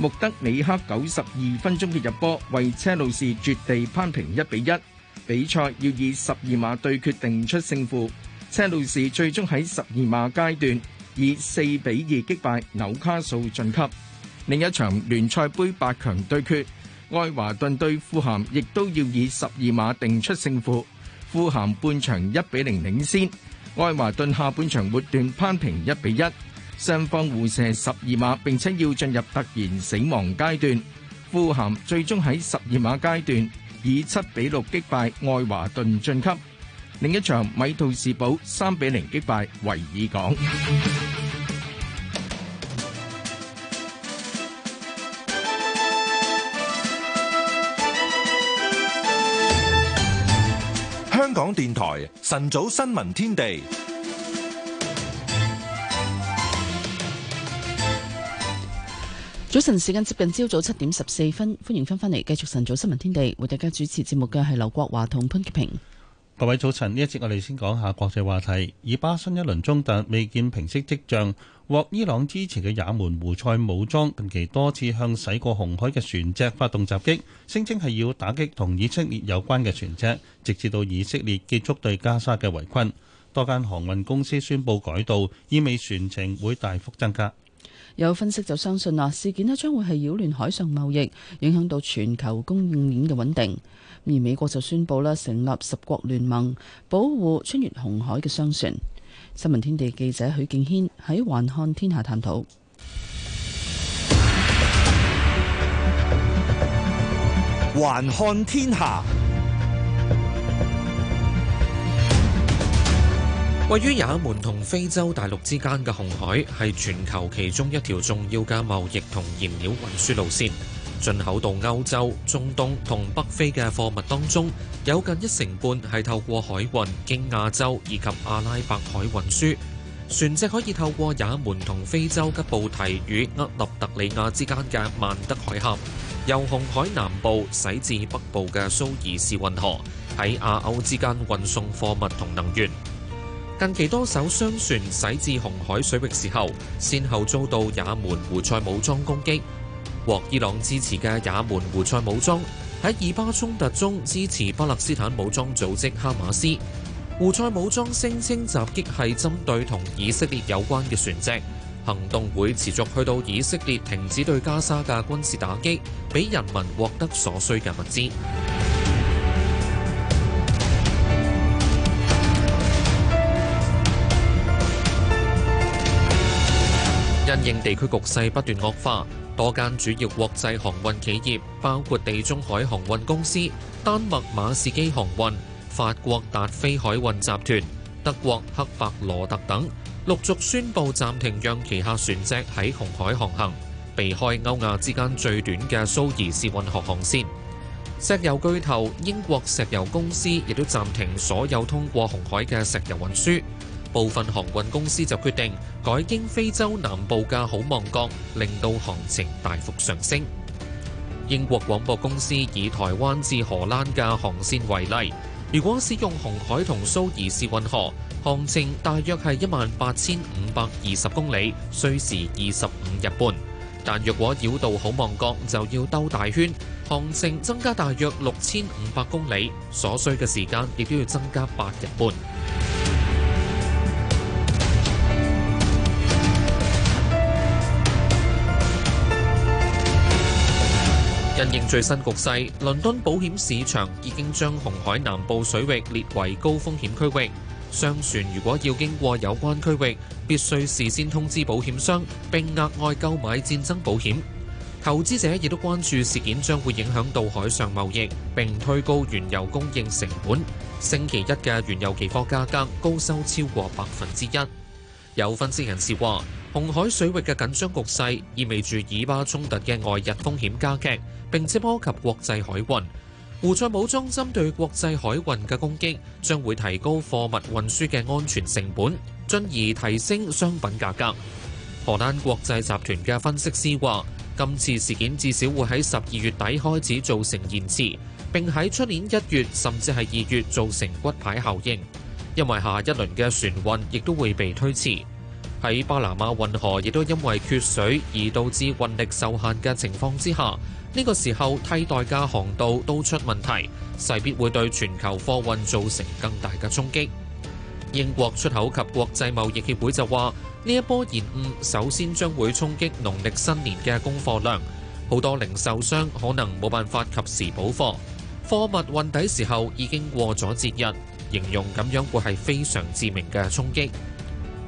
穆德里克九十二分鐘嘅入波，為車路士絕地攀平一比一。比賽要以十二碼對決定出勝負。車路士最終喺十二碼階段以四比二擊敗紐卡素晉級。另一場聯賽杯八強對決，愛華頓對富咸亦都要以十二碼定出勝負。富咸半場一比零領先，愛華頓下半場活段攀平一比一。雙方互射十二碼，並且要進入突然死亡階段。富咸最終喺十二碼階段以七比六擊敗愛華頓進級。另一場米杜士堡三比零擊敗維爾港。香港電台晨早新聞天地。早晨時間接近朝早七點十四分，歡迎翻返嚟繼續晨早新聞天地，為大家主持節目嘅係劉國華同潘潔平。各位早晨，呢一節我哋先講下國際話題。以巴新一輪衝突未見平息跡象，獲伊朗支持嘅也門胡塞武裝近期多次向駛過紅海嘅船隻發動襲擊，聲稱係要打擊同以色列有關嘅船隻，直至到以色列結束對加沙嘅圍困。多間航運公司宣布改道，意味船程會大幅增加。有分析就相信啊，事件呢將會係擾亂海上貿易，影響到全球供應鏈嘅穩定。而美國就宣布啦，成立十國聯盟保護穿越紅海嘅商船。新聞天地記者許敬軒喺環看天下探討。環看天下。位於也門同非洲大陸之間嘅紅海，係全球其中一條重要嘅貿易同燃料運輸路線。進口到歐洲、中東同北非嘅貨物當中，有近一成半係透過海運經亞洲以及阿拉伯海運輸。船隻可以透過也門同非洲吉布提與厄立特里亞之間嘅曼德海峽，由紅海南部駛至北部嘅蘇伊士運河，喺亞歐之間運送貨物同能源。近期多艘商船駛至紅海水域時候，先後遭到也門胡塞武裝攻擊。獲伊朗支持嘅也門胡塞武裝喺以巴衝突中支持巴勒斯坦武裝組織哈馬斯。胡塞武裝聲稱襲擊係針對同以色列有關嘅船隻，行動會持續去到以色列停止對加沙嘅軍事打擊，俾人民獲得所需嘅物資。因應地區局勢不斷惡化，多間主要國際航運企業，包括地中海航運公司、丹麥馬士基航運、法國達飛海運集團、德國赫伯羅特等，陸續宣布暫停讓旗下船隻喺紅海航行，避開歐亞之間最短嘅蘇伊士運河航線。石油巨頭英國石油公司亦都暫停所有通過紅海嘅石油運輸。部分航運公司就決定改經非洲南部嘅好望角，令到航程大幅上升。英國廣播公司以台灣至荷蘭嘅航線為例，如果使用紅海同蘇彝士運河，航程大約係一萬八千五百二十公里，需時二十五日半。但若果繞道好望角，就要兜大圈，航程增加大約六千五百公里，所需嘅時間亦都要增加八日半。因應最新局勢，倫敦保險市場已經將紅海南部水域列為高風險區域。商船如果要經過有關區域，必須事先通知保險商，並額外購買戰爭保險。投資者亦都關注事件將會影響到海上貿易，並推高原油供應成本。星期一嘅原油期貨價格高收超過百分之一。有分析人士話，紅海水域嘅緊張局勢意味住以巴衝突嘅外溢風險加劇，並且波及國際海運。胡塞武裝針對國際海運嘅攻擊，將會提高貨物運輸嘅安全成本，進而提升商品價格。荷蘭國際集團嘅分析師話，今次事件至少會喺十二月底開始造成延遲，並喺出年一月甚至係二月造成骨牌效應。因為下一輪嘅船運亦都會被推遲，喺巴拿馬運河亦都因為缺水而導致運力受限嘅情況之下，呢個時候替代嘅航道都出問題，勢必會對全球貨運造成更大嘅衝擊。英國出口及國際貿易協會就話，呢一波延誤首先將會衝擊農曆新年嘅供貨量，好多零售商可能冇辦法及時補貨，貨物運抵時候已經過咗節日。形容咁樣會係非常致命嘅衝擊，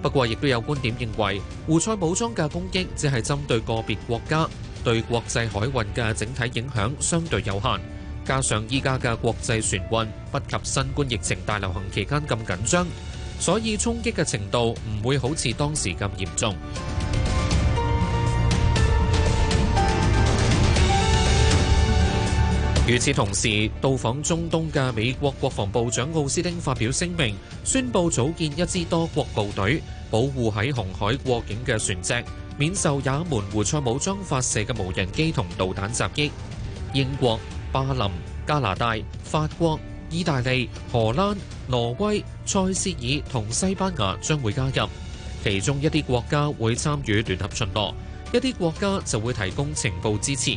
不過亦都有觀點認為，胡塞武裝嘅攻擊只係針對個別國家，對國際海運嘅整體影響相對有限。加上依家嘅國際船運不及新冠疫情大流行期間咁緊張，所以衝擊嘅程度唔會好似當時咁嚴重。與此同時，到訪中東嘅美國國防部長奧斯汀發表聲明，宣布組建一支多國部隊，保護喺紅海過境嘅船隻，免受也門胡塞武裝發射嘅無人機同導彈襲擊。英國、巴林、加拿大、法國、意大利、荷蘭、挪威、塞舌爾同西班牙將會加入，其中一啲國家會參與聯合巡邏，一啲國家就會提供情報支持。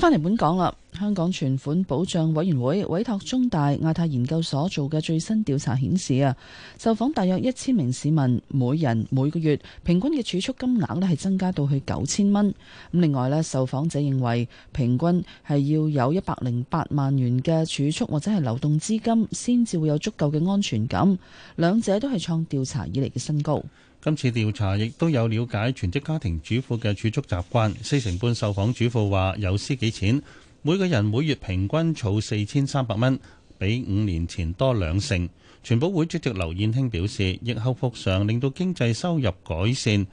翻嚟本港啦，香港存款保障委員會委託中大亞太研究所做嘅最新調查顯示啊，受訪大約一千名市民，每人每個月平均嘅儲蓄金額呢係增加到去九千蚊。咁另外呢，受訪者認為平均係要有一百零八萬元嘅儲蓄或者係流動資金，先至會有足夠嘅安全感。兩者都係創調查以嚟嘅新高。今次調查亦都有了解全職家庭主婦嘅儲蓄習慣，四成半受訪主婦話有私己錢，每個人每月平均儲四千三百蚊，比五年前多兩成。全保會主席劉燕卿表示，疫後復常令到經濟收入改善，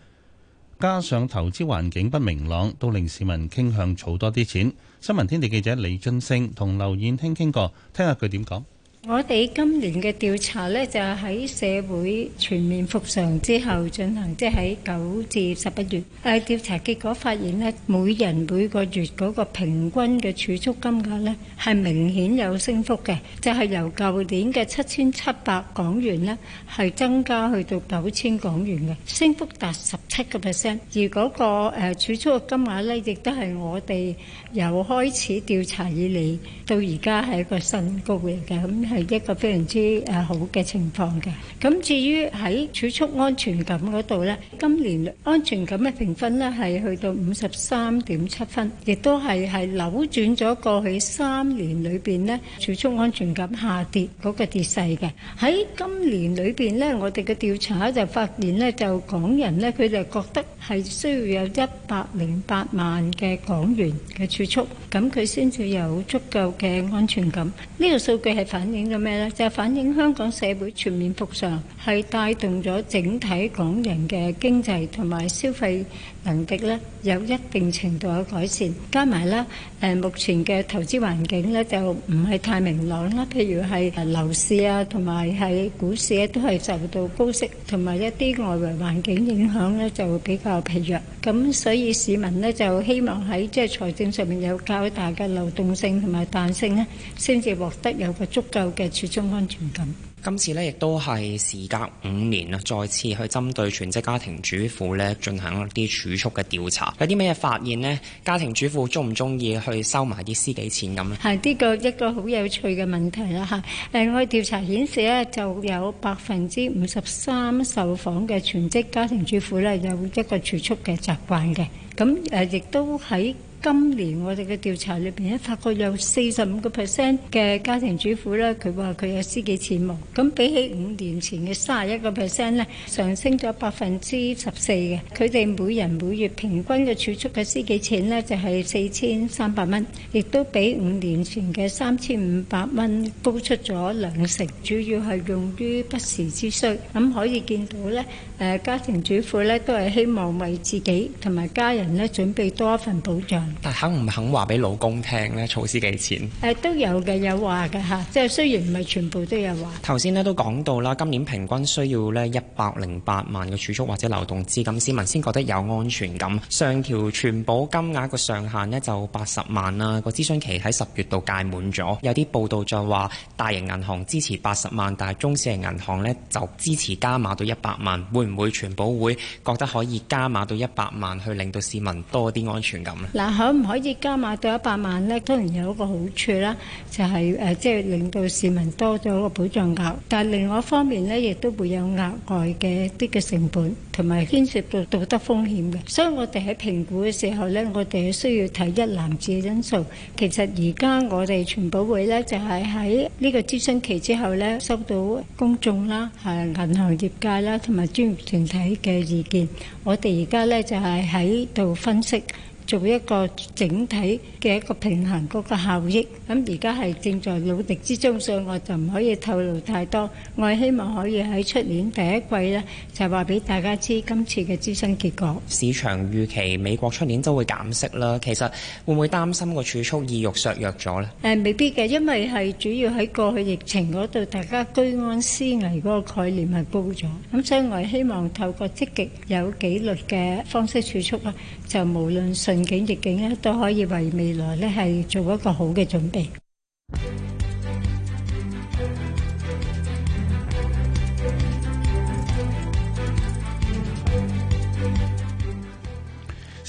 加上投資環境不明朗，都令市民傾向儲多啲錢。新聞天地記者李俊升同劉燕卿傾過，聽下佢點講。我哋今年嘅調查咧，就喺社會全面復常之後進行，即係喺九至十一月。誒調查結果發現咧，每人每個月嗰個平均嘅儲蓄金額咧，係明顯有升幅嘅，就係由舊年嘅七千七百港元咧，係增加去到九千港元嘅，升幅達十七個 percent。而嗰個誒儲蓄嘅金額咧，亦都係我哋由開始調查以嚟到而家係一個新高嚟嘅。咁樣。係一個非常之誒好嘅情況嘅。咁至於喺儲蓄安全感嗰度呢，今年安全感嘅評分呢係去到五十三點七分，亦都係係扭轉咗過去三年裏邊呢儲蓄安全感下跌嗰個跌勢嘅。喺今年裏邊呢，我哋嘅調查就發現呢，就港人呢佢哋覺得係需要有一百零八萬嘅港元嘅儲蓄，咁佢先至有足夠嘅安全感。呢個數據係反映。做咩咧？就反映香港社會全面復常。係帶動咗整體港人嘅經濟同埋消費能力咧，有一定程度嘅改善。加埋啦，誒目前嘅投資環境咧就唔係太明朗啦。譬如係樓市啊，同埋係股市咧都係受到高息同埋一啲外圍環境影響咧，就比較疲弱。咁所以市民咧就希望喺即係財政上面有較大嘅流動性同埋彈性咧，先至獲得有個足夠嘅儲蓄安全感。今次咧，亦都係時隔五年啦，再次去針對全職家庭主婦咧進行一啲儲蓄嘅調查，有啲咩發現呢？家庭主婦鍾唔鍾意去收埋啲私己錢咁咧？係呢、啊呢個一個好有趣嘅問題啦嚇。誒、啊呃，我調查顯示咧，就有百分之五十三受訪嘅全職家庭主婦咧有一個儲蓄嘅習慣嘅，咁、啊、誒、呃、亦都喺。今年我哋嘅調查裏邊咧，發覺有四十五個 percent 嘅家庭主婦咧，佢話佢有私己錢冇。咁比起五年前嘅三十一個 percent 咧，上升咗百分之十四嘅。佢哋每人每月平均嘅儲蓄嘅私己錢咧，就係四千三百蚊，亦都比五年前嘅三千五百蚊高出咗兩成。主要係用於不時之需。咁可以見到咧。誒、啊、家庭主婦咧都係希望為自己同埋家人咧準備多一份保障。但肯唔肯話俾老公聽咧？措施幾錢？誒、啊、都有嘅，有話㗎吓、啊。即係雖然唔係全部都有話。頭先咧都講到啦，今年平均需要咧一百零八萬嘅儲蓄或者流動資金，市民先覺得有安全感。上調全保金額個上限咧就八十萬啦。個諮詢期喺十月度屆滿咗，有啲報道就話大型銀行支持八十萬，但係中小型銀行咧就支持加碼到一百萬。唔會全保會覺得可以加碼到一百萬去令到市民多啲安全感咧？嗱，可唔可以加碼到一百萬咧？當然有一個好處啦，就係誒，即係令到市民多咗一個保障額。但係另外一方面咧，亦都會有額外嘅一啲嘅成本，同埋牽涉到道德風險嘅。所以我哋喺評估嘅時候咧，我哋需要睇一籃子嘅因素。其實而家我哋全保會咧，就係喺呢個諮詢期之後咧，收到公眾啦、係銀行業界啦，同埋專。團體嘅意見，我哋而家咧就係喺度分析。做一個整體嘅一個平衡嗰個效益，咁而家係正在努力之中，所以我就唔可以透露太多。我係希望可以喺出年第一季咧，就話俾大家知今次嘅諮詢結果。市場預期美國出年都會減息啦，其實會唔會擔心個儲蓄意欲削弱咗咧？誒，未必嘅，因為係主要喺過去疫情嗰度，大家居安思危嗰個概念係高咗，咁所以我係希望透過積極有紀律嘅方式儲蓄啊，就無論係。前景逆境咧，都可以為未來咧係做一個好嘅準備。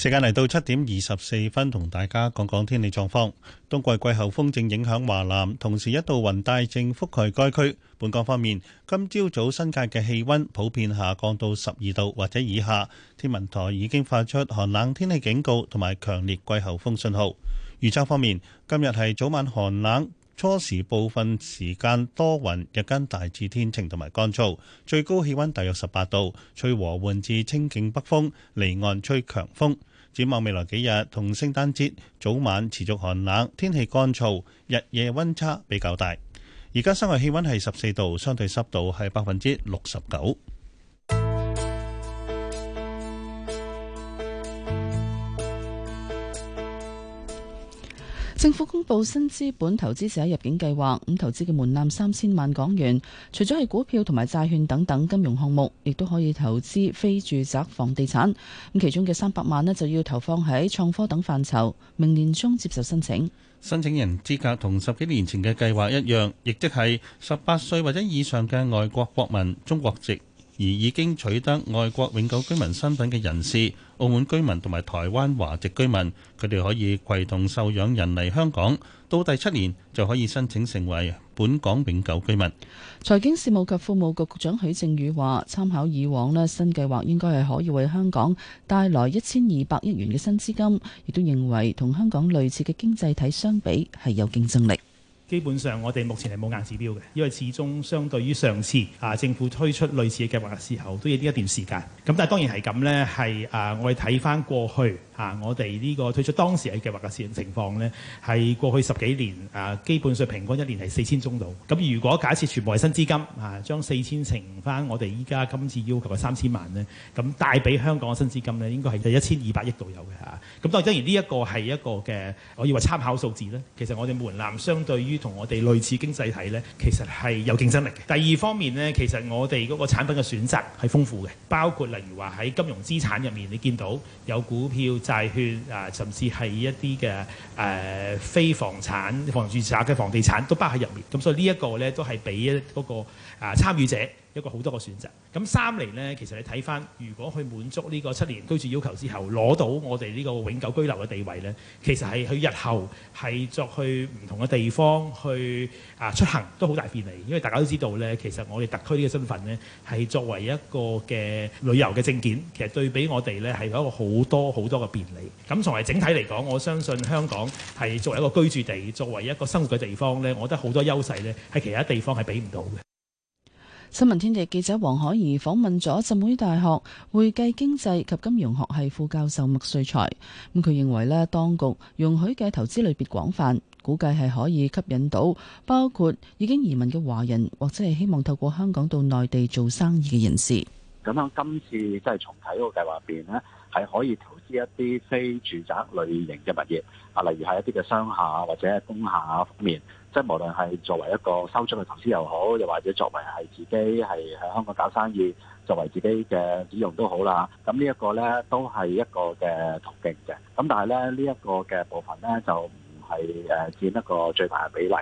時間嚟到七點二十四分，同大家講講天氣狀況。冬季季候風正影響華南，同時一道雲帶正覆蓋該區。本港方面，今朝早新界嘅氣温普遍下降到十二度或者以下。天文台已經發出寒冷天氣警告同埋強烈季候風信號。預測方面，今日係早晚寒冷，初時部分時間多雲，日間大致天晴同埋乾燥，最高氣温大約十八度，吹和緩至清勁北風，離岸吹強風。展望未來幾日同聖誕節，早晚持續寒冷，天氣乾燥，日夜溫差比較大。而家室外氣溫係十四度，相對濕度係百分之六十九。政府公布新資本投資者入境計劃，咁投資嘅門檻三千萬港元，除咗係股票同埋債券等等金融項目，亦都可以投資非住宅房地產。咁其中嘅三百萬呢就要投放喺創科等範疇，明年中接受申請。申請人資格同十幾年前嘅計劃一樣，亦即係十八歲或者以上嘅外國國民、中國籍、而已經取得外國永久居民身份嘅人士、澳門居民同埋台灣華籍居民，佢哋可以攜同受養人嚟香港，到第七年就可以申請成為本港永久居民。財經事務及庫務局局長許正宇話，參考以往咧，新計劃應該係可以為香港帶來一千二百億元嘅新資金，亦都認為同香港類似嘅經濟體相比係有競爭力。基本上我哋目前係冇硬指標嘅，因為始終相對於上次啊政府推出類似嘅計劃嘅時候，都要呢一段時間。咁但係當然係咁咧，係啊我哋睇返過去。啊！我哋呢個推出當時嘅計劃嘅市場情況咧，係過去十幾年啊，基本上平均一年係四千宗度。咁、啊、如果假設全部係新資金啊，將四千乘翻我哋依家今次要求嘅三千萬呢，咁、啊、帶俾香港嘅新資金呢，應該係有一千二百億度有嘅嚇。咁、啊、當然呢一個係一個嘅，我以為參考數字呢。其實我哋門檻相對於同我哋類似經濟體呢，其實係有競爭力嘅。第二方面呢，其實我哋嗰個產品嘅選擇係豐富嘅，包括例如話喺金融資產入面，你見到有股票、債券啊，甚至係一啲嘅誒非房產、房住宅嘅，房地產都包喺入面，咁所以呢一個咧都係俾一嗰個。啊！參與者有好多個選擇。咁三嚟呢，其實你睇翻，如果去滿足呢個七年居住要求之後，攞到我哋呢個永久居留嘅地位呢，其實係去日後係作去唔同嘅地方去啊出行都好大便利。因為大家都知道呢，其實我哋特區呢個身份呢係作為一個嘅旅遊嘅證件，其實對比我哋呢係有一個好多好多嘅便利。咁從來整體嚟講，我相信香港係作為一個居住地，作為一個生活嘅地方呢，我覺得好多優勢呢喺其他地方係俾唔到嘅。新聞天地記者黃海怡訪問咗浸會大學會計經濟及金融學系副教授麥瑞才，咁佢認為呢，當局容許嘅投資類別廣泛，估計係可以吸引到包括已經移民嘅華人或者係希望透過香港到內地做生意嘅人士。咁喺今次即係重啟嗰個計劃入邊呢，係可以投資一啲非住宅類型嘅物業，啊，例如係一啲嘅商廈或者係工廈方面。即係無論係作為一個收租嘅投資又好，又或者作為係自己係喺香港搞生意，作為自己嘅使用都好啦。咁呢一個咧都係一個嘅途徑嘅。咁但係咧呢一、這個嘅部分咧就唔係誒佔一個最大嘅比例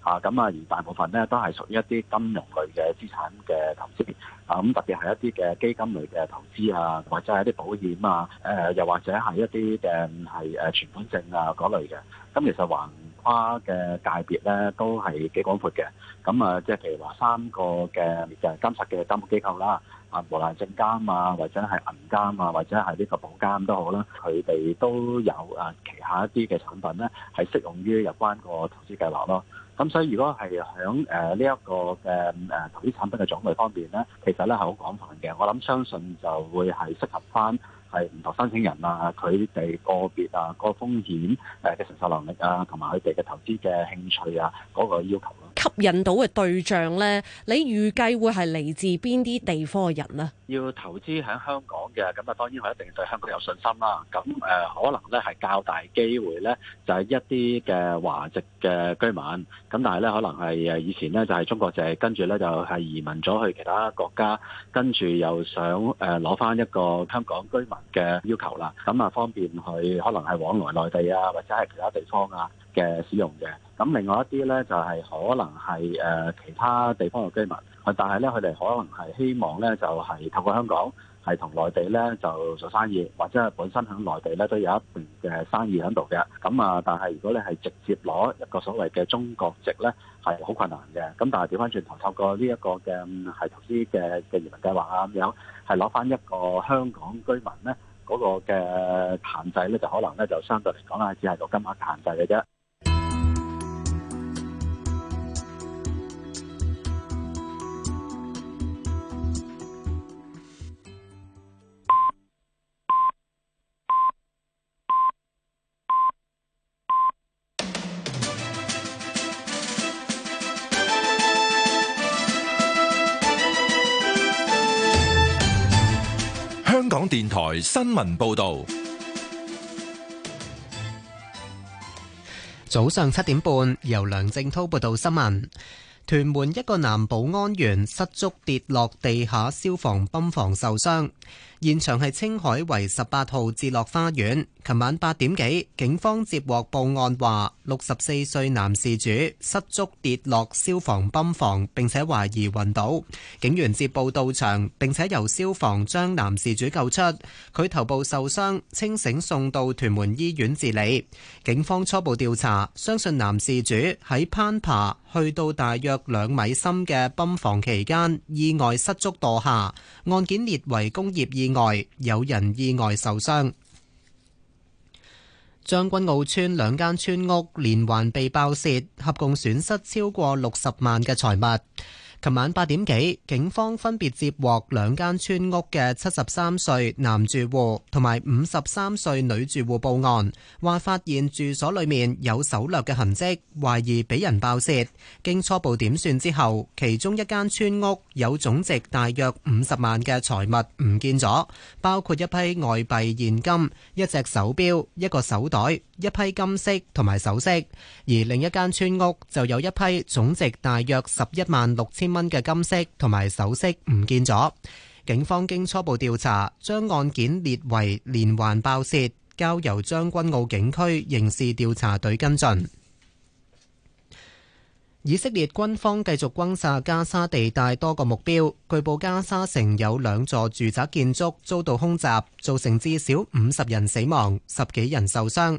啊。咁啊，而大部分咧都係屬於一啲金融類嘅資產嘅投資啊。咁特別係一啲嘅基金類嘅投資啊，或者係一啲保險啊，誒又或者係一啲誒係誒存款證啊嗰類嘅。咁、啊、其實還。嘅界別咧都係幾廣闊嘅，咁啊即係譬如話三個嘅誒監察嘅監管機構啦，啊無論證監啊，或者係銀監啊，或者係呢個保監都好啦，佢哋都有啊旗下一啲嘅產品咧係適用於有關個投資計劃咯。咁所以如果係響誒呢一個誒誒投資產品嘅種類方面咧，其實咧係好廣泛嘅。我諗相信就會係適合翻。係唔同申請人啊，佢哋個別啊個風險誒嘅承受能力啊，同埋佢哋嘅投資嘅興趣啊嗰個要求咯。吸引到嘅對象呢，你預計會係嚟自邊啲地方嘅人呢？要投資喺香港嘅，咁啊當然佢一定對香港有信心啦。咁誒、呃、可能咧係較大機會咧，就係、是、一啲嘅華籍嘅居民。咁但係咧可能係誒以前咧就係、是、中國籍，跟住咧就係、是、移民咗去其他國家，跟住又想誒攞返一個香港居民嘅要求啦。咁啊方便佢可能係往來內地啊，或者係其他地方啊。嘅使用嘅，咁另外一啲咧就係、是、可能係誒、呃、其他地方嘅居民，但係咧佢哋可能係希望咧就係、是、透過香港係同內地咧就做生意，或者係本身喺內地咧都有一定嘅生意喺度嘅，咁啊但係如果你係直接攞一個所謂嘅中國籍咧，係好困難嘅，咁但係調翻轉頭透過呢一個嘅係投資嘅嘅移民計劃啊，咁有係攞翻一個香港居民咧嗰、那個嘅限制咧，就可能咧就相對嚟講咧只係個金額限制嘅啫。電台新聞報道：早上七點半，由梁正濤報道新聞。屯門一個男保安員失足跌落地下消防泵房受傷。現場係青海圍十八號置樂花園。琴晚八點幾，警方接獲報案，話六十四歲男事主失足跌落消防泵房，並且懷疑暈倒。警員接報到場，並且由消防將男事主救出，佢頭部受傷，清醒送到屯門醫院治理。警方初步調查，相信男事主喺攀爬去到大約兩米深嘅泵房期間，意外失足墮下。案件列為工業意外有人意外受傷。將軍澳村兩間村屋連環被爆竊，合共損失超過六十萬嘅財物。琴晚八點幾，警方分別接獲兩間村屋嘅七十三歲男住戶同埋五十三歲女住戶報案，話發現住所裏面有搜掠嘅痕跡，懷疑俾人爆竊。經初步點算之後，其中一間村屋有總值大約五十萬嘅財物唔見咗，包括一批外幣現金、一隻手錶、一個手袋。一批金飾同埋首飾，而另一間村屋就有一批總值大約十一萬六千蚊嘅金飾同埋首飾唔見咗。警方經初步調查，將案件列為連環爆竊，交由將軍澳警區刑事調查隊跟進。以色列軍方繼續轟炸加沙地帶多個目標，據報加沙城有兩座住宅建築遭到空襲，造成至少五十人死亡，十幾人受傷。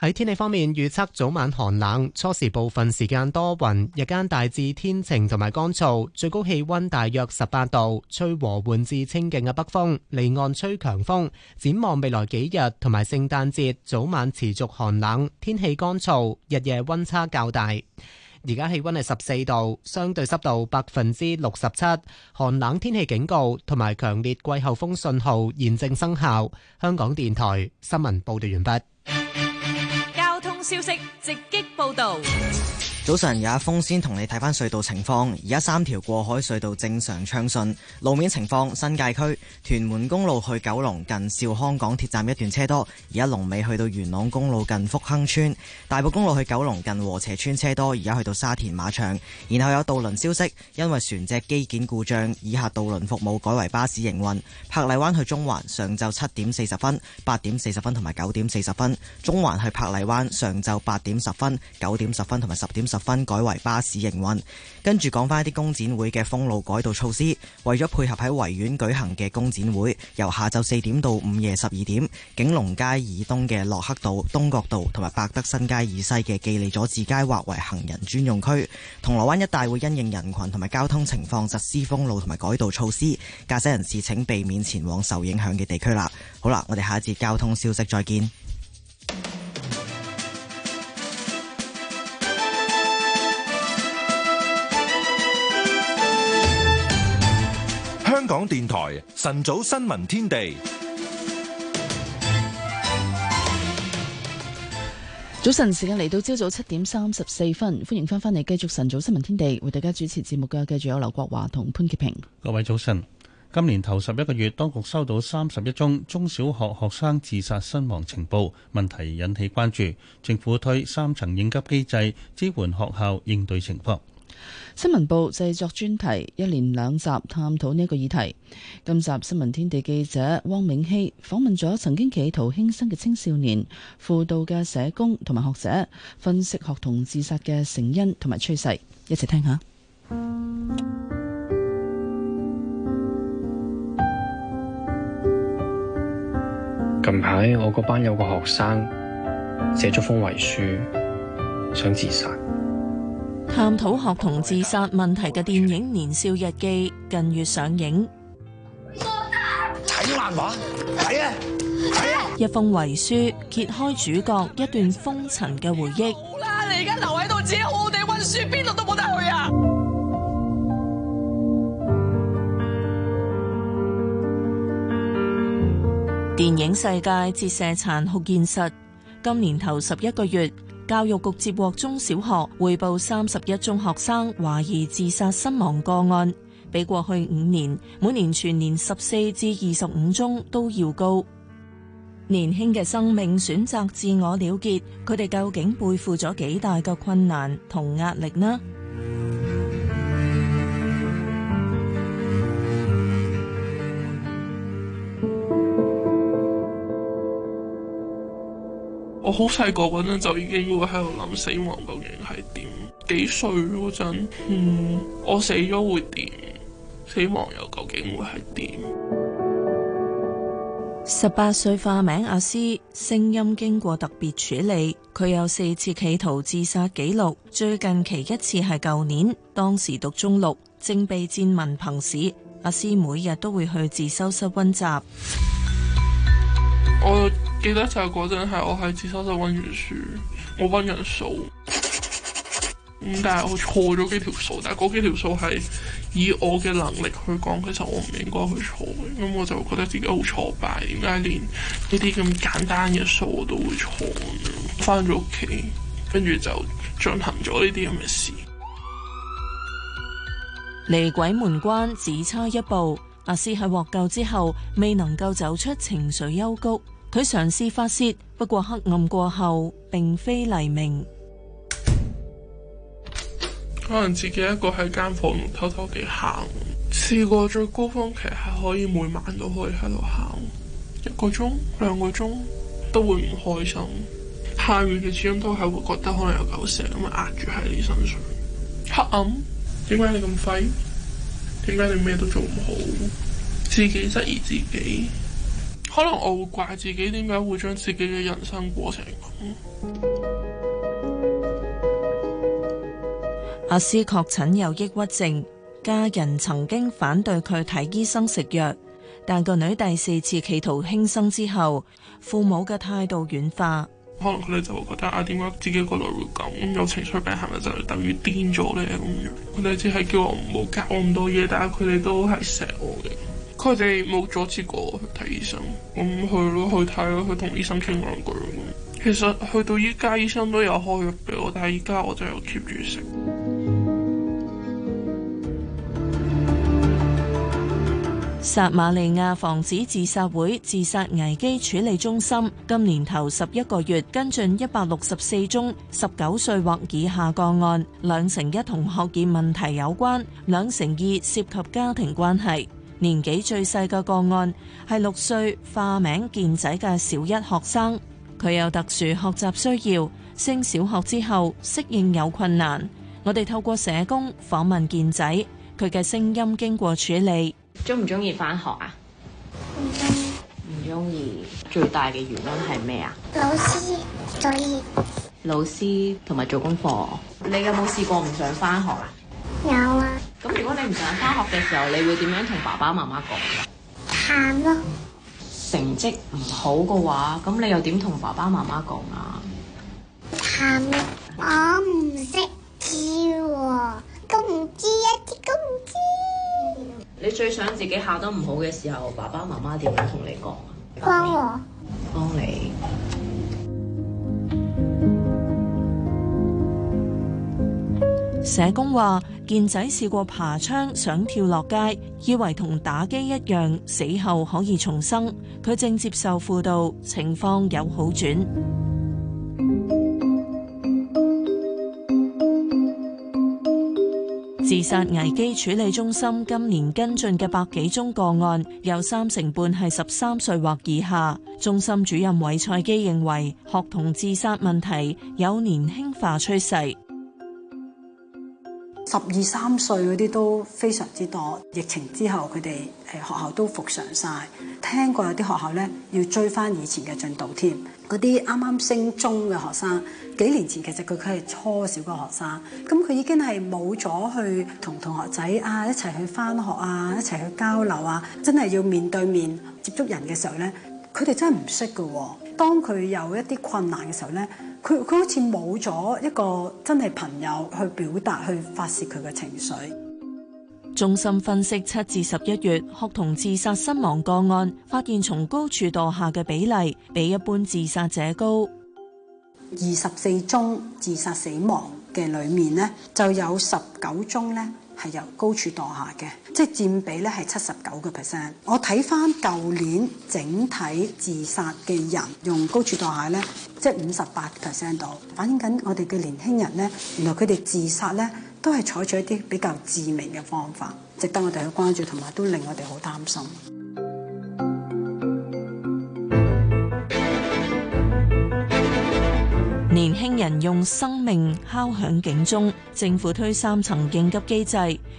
喺天氣方面，預測早晚寒冷，初時部分時間多雲，日間大致天晴同埋乾燥，最高氣溫大約十八度，吹和緩至清勁嘅北風，離岸吹強風。展望未來幾日同埋聖誕節，早晚持續寒冷，天氣乾燥，日夜溫差較大。而家氣溫係十四度，相對濕度百分之六十七，寒冷天氣警告同埋強烈季候風信號現正生效。香港電台新聞報道完畢。消息直擊報導。早上有阿峰先同你睇翻隧道情況，而家三條過海隧道正常暢順。路面情況，新界區屯門公路去九龍近兆康港鐵站一段車多，而家龍尾去到元朗公路近福亨村。大埔公路去九龍近禾輋村車多，而家去到沙田馬場。然後有渡輪消息，因為船隻機件故障，以下渡輪服務改為巴士營運。柏麗灣去中環，上晝七點四十分、八點四十分同埋九點四十分；中環去柏麗灣，上晝八點十分、九點十分同埋十點十分。分改為巴士營運，跟住講返一啲工展會嘅封路改道措施，為咗配合喺維園舉行嘅工展會，由下晝四點到午夜十二點，景隆街以東嘅駱克道、東角道同埋百德新街以西嘅記利佐治街劃為行人專用區。銅鑼灣一帶會因應人群同埋交通情況實施封路同埋改道措施，駕駛人士請避免前往受影響嘅地區啦。好啦，我哋下一節交通消息再見。港電台晨早新聞天地，早晨時間嚟到，朝早七點三十四分。歡迎翻翻嚟，繼續晨早新聞天地，為大家主持節目嘅，繼續有劉國華同潘潔平。各位早晨，今年頭十一個月，當局收到三十一宗中小學學生自殺身亡情報，問題引起關注，政府推三層應急機制，支援學校應對情況。新聞部製作專題一連兩集探討呢個議題。今集新聞天地記者汪銘熙訪問咗曾經企圖輕生嘅青少年、輔導嘅社工同埋學者，分析學童自殺嘅成因同埋趨勢，一齊聽下。近排我個班有個學生寫咗封遺書，想自殺。探討學童自殺問題嘅電影《年少日記》近月上映。睇漫畫，睇啊，睇啊！一封遺書揭開主角一段封塵嘅回憶。好啦，你而家留喺度，自己好好地溫書，邊度都冇得去啊！電影世界折射殘酷現實。今年頭十一個月，教育局接獲中小學匯報三十一宗學生懷疑自殺身亡個案，比過去五年每年全年十四至二十五宗都要高。年輕嘅生命選擇自我了結，佢哋究竟背負咗幾大嘅困難同壓力呢？我好細個嗰陣就已經會喺度諗死亡究竟係點？幾歲嗰陣，嗯，我死咗會點？死亡又究竟會係點？十八歲化名阿詩，聲音經過特別處理。佢有四次企圖自殺記錄，最近期一次係舊年，當時讀中六，正備戰文憑試。阿詩每日都會去自修室温習。我。記得就嗰陣係我喺自修室度温完書，我温人數咁，但係我錯咗幾條數。但係嗰幾條數係以我嘅能力去講，其實我唔應該去錯咁，我就覺得自己好挫敗。點解連呢啲咁簡單嘅數我都會錯？翻咗屋企，跟住就進行咗呢啲咁嘅事。離鬼門關只差一步，阿斯喺獲救之後，未能夠走出情緒幽谷。佢嘗試發洩，不過黑暗過後並非黎明。可能自己一個喺間房度偷偷地行，試過最高峰期係可以每晚都可以喺度行一個鐘、兩個鐘，都會唔開心。下面嘅始終都係會覺得可能有狗蛇咁壓住喺你身上。黑暗，點解你咁廢？點解你咩都做唔好？自己質疑自己。可能我會怪自己點解會將自己嘅人生過成咁。阿思確診有抑鬱症，家人曾經反對佢睇醫生食藥，但個女第四次企圖輕生之後，父母嘅態度軟化。可能佢哋就會覺得啊，點解自己個女會咁有情緒病？係咪就等於癲咗咧咁樣？佢哋只係叫我唔好交咁多嘢，但係佢哋都係錫我嘅。佢哋冇阻止過我去睇醫生，我唔去咯，去睇咯。佢同醫生傾兩句，其實去到依家，醫生都有開藥俾我，但係依家我真係 keep 住食。撒瑪利亞防止自殺會自殺危機處理中心今年頭十一個月跟進一百六十四宗十九歲或以下個案，兩成一同學業問題有關，兩成二涉及家庭關係。年紀最細嘅個案係六歲，化名健仔嘅小一學生，佢有特殊學習需要，升小學之後適應有困難。我哋透過社工訪問健仔，佢嘅聲音經過處理。中唔中意翻學啊？唔中意。唔中意。最大嘅原因係咩啊？老師作。老師同埋做功課。你有冇試過唔想翻學啊？有啊。咁如果你唔想返學嘅時候，你會點樣同爸爸媽媽講？慘咯、啊！成績唔好嘅話，咁你又點同爸爸媽媽講啊？慘我唔識知喎、啊，都唔知一啲、啊、都唔知。你最想自己考得唔好嘅時候，爸爸媽媽點樣同你講啊？幫我，幫你。社工話。健仔試過爬窗想跳落街，以為同打機一樣，死後可以重生。佢正接受輔導，情況有好轉。 自殺危機處理中心今年跟進嘅百幾宗個案，有三成半係十三歲或以下。中心主任韋賽基認為，學童自殺問題有年輕化趨勢。十二三歲嗰啲都非常之多。疫情之後，佢哋誒學校都復常晒。聽過有啲學校呢，要追翻以前嘅進度添。嗰啲啱啱升中嘅學生，幾年前其實佢佢係初小嘅學生，咁佢已經係冇咗去同同學仔啊一齊去翻學啊一齊去交流啊，真係要面對面接觸人嘅時候呢，佢哋真係唔識㗎。當佢有一啲困難嘅時候呢。佢佢好似冇咗一個真係朋友去表達去發洩佢嘅情緒。中心分析七至十一月學童自殺身亡個案，發現從高處墮下嘅比例比一般自殺者高。二十四宗自殺死亡嘅裡面呢，就有十九宗呢。係由高處墮下嘅，即係佔比咧係七十九個 percent。我睇翻舊年整體自殺嘅人用高處墮下咧，即係五十八 percent 到，反映緊我哋嘅年輕人咧，原來佢哋自殺咧都係採取一啲比較致命嘅方法，值得我哋去關注同埋都令我哋好擔心。人用生命敲響警鐘，政府推三層應急機制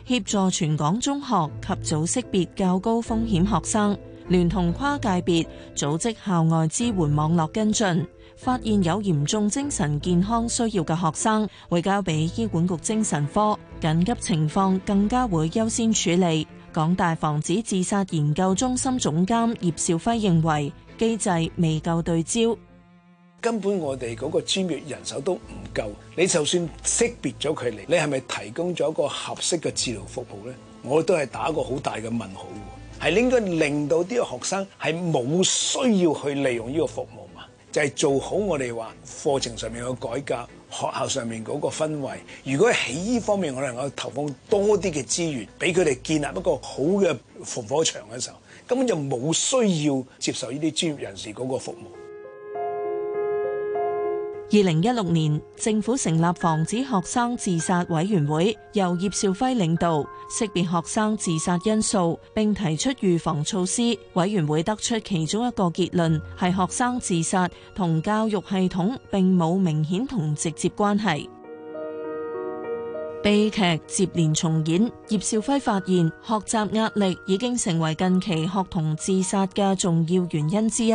協助全港中學及早識別較高風險學生，聯同跨界別組織校外支援網絡跟進，發現有嚴重精神健康需要嘅學生，會交俾醫管局精神科，緊急情況更加會優先處理。港大防止自殺研究中心總監葉兆輝認為，機制未夠對焦。根本我哋嗰個專業人手都唔夠，你就算識別咗佢哋，你係咪提供咗一個合適嘅治療服務咧？我都係打個好大嘅問號，係應該令到啲學生係冇需要去利用呢個服務嘛？就係、是、做好我哋話課程上面嘅改革，學校上面嗰個氛圍，如果喺呢方面我哋能夠投放多啲嘅資源，俾佢哋建立一個好嘅防火牆嘅時候，根本就冇需要接受呢啲專業人士嗰個服務。二零一六年，政府成立防止學生自殺委員會，由葉兆輝領導，識別學生自殺因素，並提出預防措施。委員會得出其中一個結論係學生自殺同教育系統並冇明顯同直接關係。悲劇接連重演，葉兆輝發現學習壓力已經成為近期學童自殺嘅重要原因之一。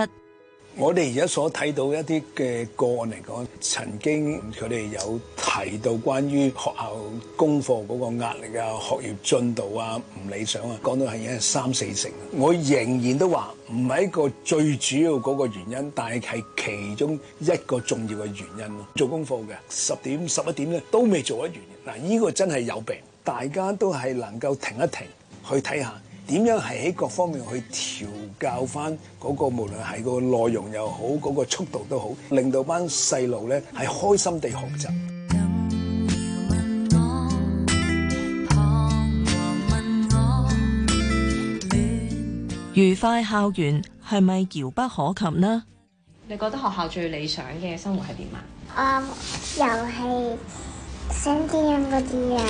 我哋而家所睇到一啲嘅個案嚟講，曾經佢哋有提到關於學校功課嗰個壓力啊、學業進度啊唔理想啊，講到係已經係三四成。我仍然都話唔係一個最主要嗰個原因，但係係其中一個重要嘅原因咯。做功課嘅十點十一點咧都未做得完，嗱，呢個真係有病，大家都係能夠停一停去睇下。點樣係喺各方面去調教翻嗰個，無論係個內容又好，嗰個速度都好，令到班細路咧係開心地學習。愉快校園係咪遙不可及呢？你覺得學校最理想嘅生活係點呀？啊、嗯，遊戲想點樣就點樣。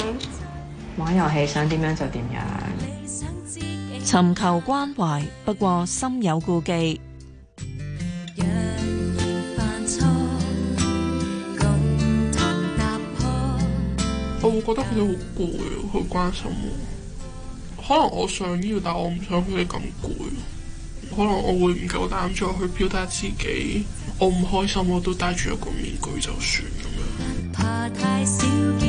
玩遊戲想點樣就點樣。尋求關懷，不過心有顧忌。我會覺得佢哋好攰，好關心我。可能我想要，但我唔想佢哋咁攰。可能我會唔夠膽再去表達自己，我唔開心，我都戴住一個面具就算咁樣。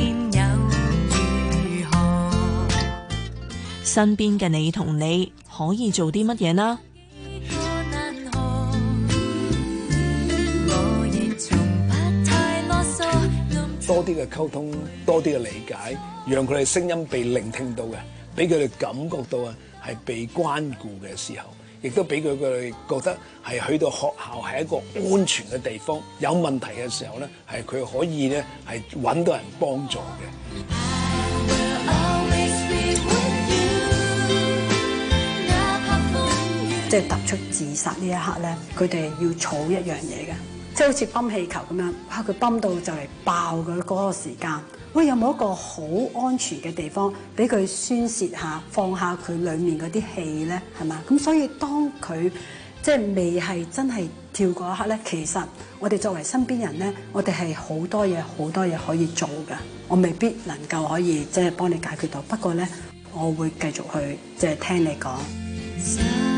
身邊嘅你同你可以做啲乜嘢呢？多啲嘅溝通，多啲嘅理解，讓佢哋聲音被聆聽到嘅，俾佢哋感覺到啊係被關顧嘅時候，亦都俾佢佢哋覺得係去到學校係一個安全嘅地方，有問題嘅時候咧係佢可以咧係搵到人幫助嘅。即係突出自殺呢一刻咧，佢哋要儲一樣嘢嘅，即係好似泵氣球咁樣，哇！佢泵到就嚟爆嘅嗰個時間，喂，有冇一個好安全嘅地方俾佢宣泄下、放下佢裡面嗰啲氣咧？係嘛？咁所以當佢即係未係真係跳過一刻咧，其實我哋作為身邊人咧，我哋係好多嘢、好多嘢可以做嘅。我未必能夠可以即係幫你解決到，不過咧，我會繼續去即係聽你講。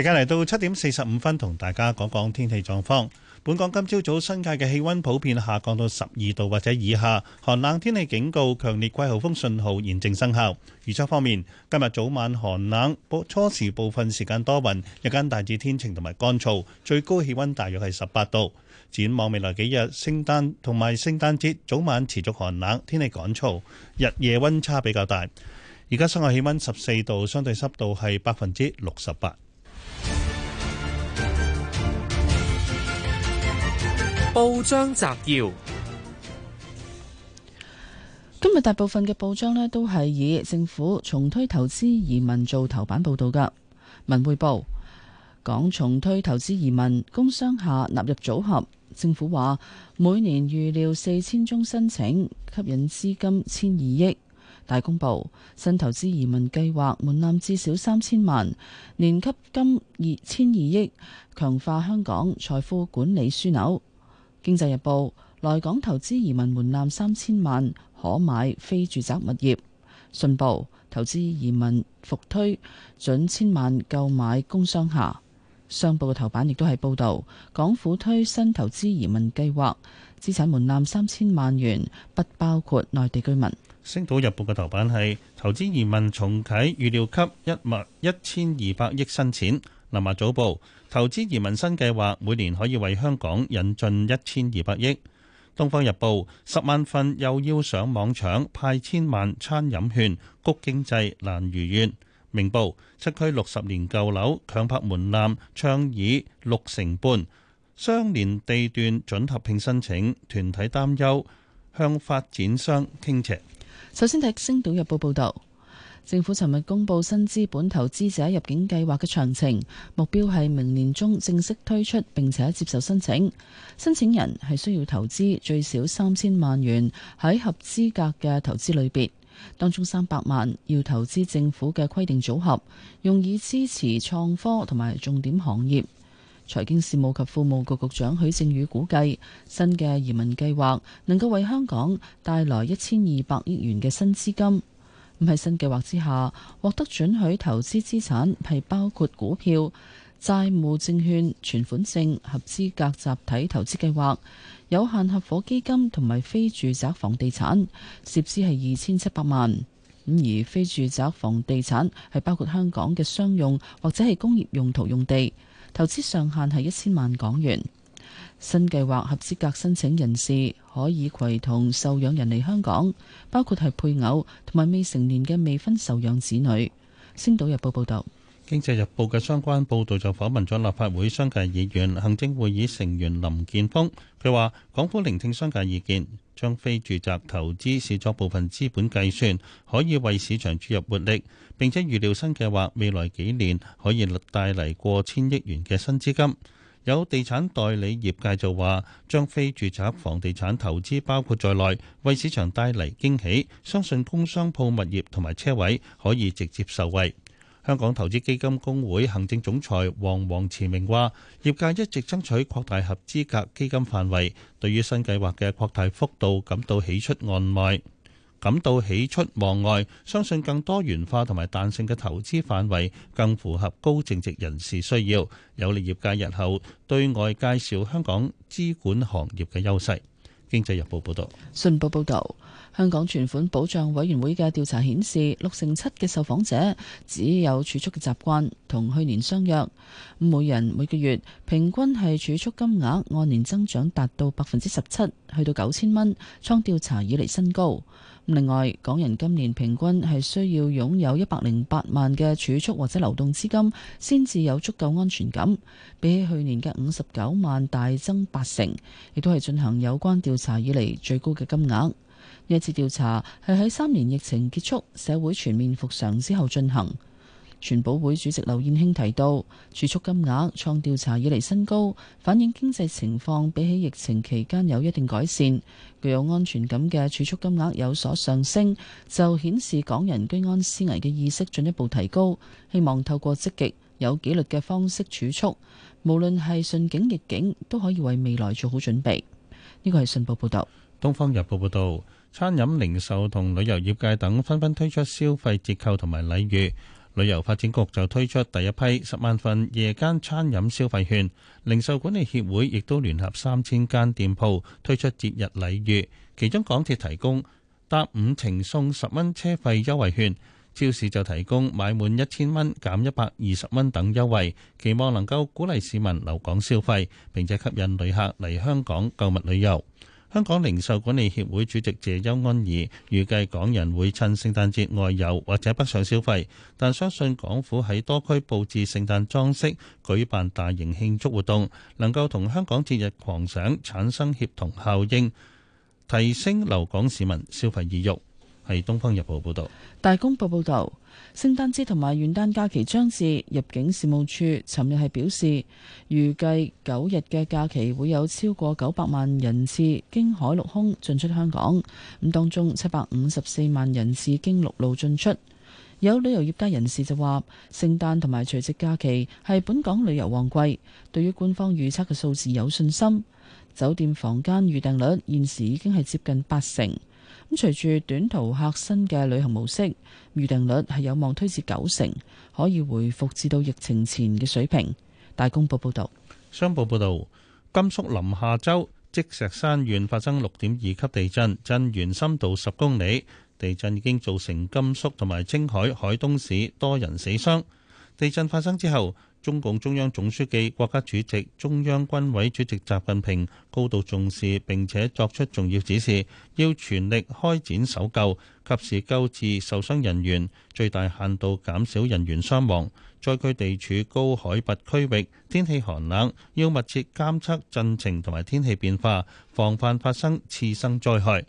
時間嚟到七點四十五分，同大家講講天氣狀況。本港今朝早，早新界嘅氣溫普遍下降到十二度或者以下，寒冷天氣警告，強烈季候風信號現正生效。預測方面，今日早晚寒冷，初時部分時間多雲，日間大致天晴同埋乾燥，最高氣溫大約係十八度。展望未來幾日，聖誕同埋聖誕節早晚持續寒冷，天氣乾燥，日夜溫差比較大。而家室外氣溫十四度，相對濕度係百分之六十八。報章摘要：今日大部分嘅報章呢都係以政府重推投資移民做頭版報道噶。文匯報：港重推投資移民，工商下納入組合。政府話每年預料四千宗申請，吸引資金千二億。大公報：新投資移民計劃門檻至少三千萬，年給金二千二億，強化香港財富管理樞紐。經濟日報：來港投資移民門檻三千萬，可買非住宅物業。信報：投資移民復推，准千萬購買工商廈。商報嘅頭版亦都係報道，港府推新投資移民計劃，資產門檻三千萬元，不包括內地居民。星島日報嘅頭版係投資移民重啟，預料吸一萬一千二百億新錢。南華早報。投資移民新計劃每年可以為香港引進一千二百億。《東方日報》十萬份又要上網搶，派千萬餐飲券，谷經濟難如願。《明報》七區六十年舊樓強拍門檻倡議六成半，相連地段準合併申請，團體擔憂向發展商傾斜。首先睇《星島日報》報導。政府尋日公布新資本投資者入境計劃嘅詳情，目標係明年中正式推出並且接受申請。申請人係需要投資最少三千萬元喺合資格嘅投資類別，當中三百萬要投資政府嘅規定組合，用以支持創科同埋重點行業。財經事務及庫務局局長許正宇估計，新嘅移民計劃能夠為香港帶來一千二百億元嘅新資金。咁喺新計劃之下，獲得准許投資資產係包括股票、債務證券、存款證、合資格集體投資計劃、有限合伙基金同埋非住宅房地產，涉資係二千七百萬。咁而非住宅房地產係包括香港嘅商用或者係工業用途用地，投資上限係一千萬港元。新計劃合資格申請人士可以攜同受養人嚟香港，包括係配偶同埋未成年嘅未婚受養子女。星島日報報導，《經濟日報》嘅相關報導就訪問咗立法會商界議員、行政會議成員林健鋒，佢話：港府聆聽商界意見，將非住宅投資視作部分資本計算，可以為市場注入活力。並且預料新計劃未來幾年可以帶嚟過千億元嘅新資金。有地產代理業界就話，將非住宅房地產投資包括在內，為市場帶嚟驚喜，相信工商鋪物業同埋車位可以直接受惠。香港投資基金公會行政總裁黃黃慈明話：業界一直爭取擴大合資格基金範圍，對於新計劃嘅擴大幅度感到喜出望外。感到喜出望外，相信更多元化同埋彈性嘅投資範圍更符合高淨值人士需要，有利業界日後對外介紹香港資管行業嘅優勢。經濟日報報道。信報報道，香港存款保障委員會嘅調查顯示，六成七嘅受訪者只有儲蓄嘅習慣同去年相若，每人每個月平均係儲蓄金額按年增長達到百分之十七，去到九千蚊，創調查以嚟新高。另外，港人今年平均係需要擁有一百零八萬嘅儲蓄或者流動資金，先至有足夠安全感。比起去年嘅五十九萬大增八成，亦都係進行有關調查以嚟最高嘅金額，呢一次調查係喺三年疫情結束、社會全面復常之後進行。全保會主席劉燕興提到，儲蓄金額創調查以嚟新高，反映經濟情況比起疫情期間有一定改善。具有安全感嘅儲蓄金額有所上升，就顯示港人居安思危嘅意識進一步提高。希望透過積極有紀律嘅方式儲蓄，無論係順境逆境，都可以為未來做好準備。呢個係信報報道。東方日報報道，餐飲、零售同旅遊業界等紛紛推出消費折扣同埋禮遇。旅遊發展局就推出第一批十萬份夜間餐飲消費券，零售管理協會亦都聯合三千間店鋪推出節日禮遇，其中港鐵提供搭五程送十蚊車費優惠券，超市就提供買滿一千蚊減一百二十蚊等優惠，期望能夠鼓勵市民留港消費，並且吸引旅客嚟香港購物旅遊。香港零售管理協會主席謝邱安儀預計港人會趁聖誕節外遊或者北上消費，但相信港府喺多區布置聖誕裝飾、舉辦大型慶祝活動，能夠同香港節日狂想產生協同效應，提升留港市民消費意欲。係《東方日報》報道，《大公報》報道，聖誕節同埋元旦假期將至，入境事務處尋日係表示，預計九日嘅假期會有超過九百萬人次經海陸空進出香港。咁當中七百五十四萬人次經陸路進出。有旅遊業界人士就話，聖誕同埋除夕假期係本港旅遊旺季，對於官方預測嘅數字有信心。酒店房間預訂率現時已經係接近八成。咁隨住短途客新嘅旅行模式，預定率係有望推至九成，可以回復至到疫情前嘅水平。大公報報道，商報報道，甘肅臨夏州積石山縣發生六點二級地震，震源深度十公里，地震已經造成甘肅同埋青海海東市多人死傷。地震發生之後。中共中央總書記、國家主席、中央軍委主席習近平高度重視並且作出重要指示，要全力開展搜救，及時救治受傷人員，最大限度減少人員傷亡。災區地處高海拔區域，天氣寒冷，要密切監測震情同埋天氣變化，防範發生次生災害。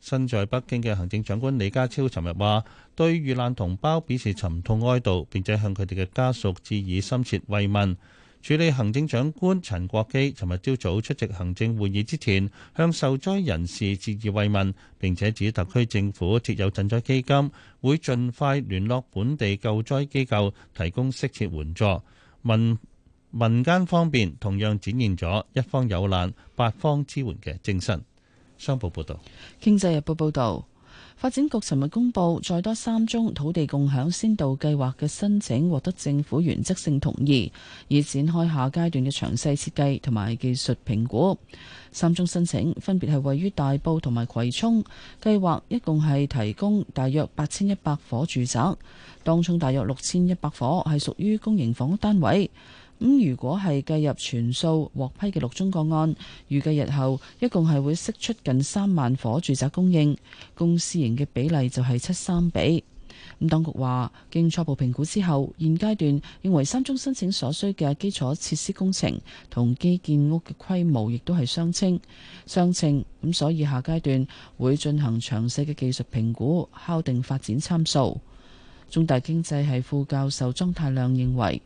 身在北京嘅行政長官李家超尋日話，對遇難同胞表示沉痛哀悼，並且向佢哋嘅家屬致以深切慰問。署理行政長官陳國基尋日朝早出席行政會議之前，向受災人士致以慰問，並且指特區政府設有賑災基金，會盡快聯絡本地救災機構提供適切援助。民民間方面同樣展現咗一方有難八方支援嘅精神。商報報道，《經濟日報》報道，發展局尋日公布，再多三宗土地共享先導計劃嘅申請獲得政府原則性同意，以展開下階段嘅詳細設計同埋技術評估。三宗申請分別係位於大埔同埋葵涌，計劃一共係提供大約八千一百伙住宅，當中大約六千一百伙係屬於公營房屋單位。咁如果係計入全數獲批嘅六宗個案，預計日後一共係會釋出近三萬伙住宅供應，公私營嘅比例就係七三比。咁當局話，經初步評估之後，現階段認為三宗申請所需嘅基礎設施工程同基建屋嘅規模亦都係相稱相稱，咁所以下階段會進行詳細嘅技術評估，敲定發展參數。中大經濟系副教授莊太亮認為，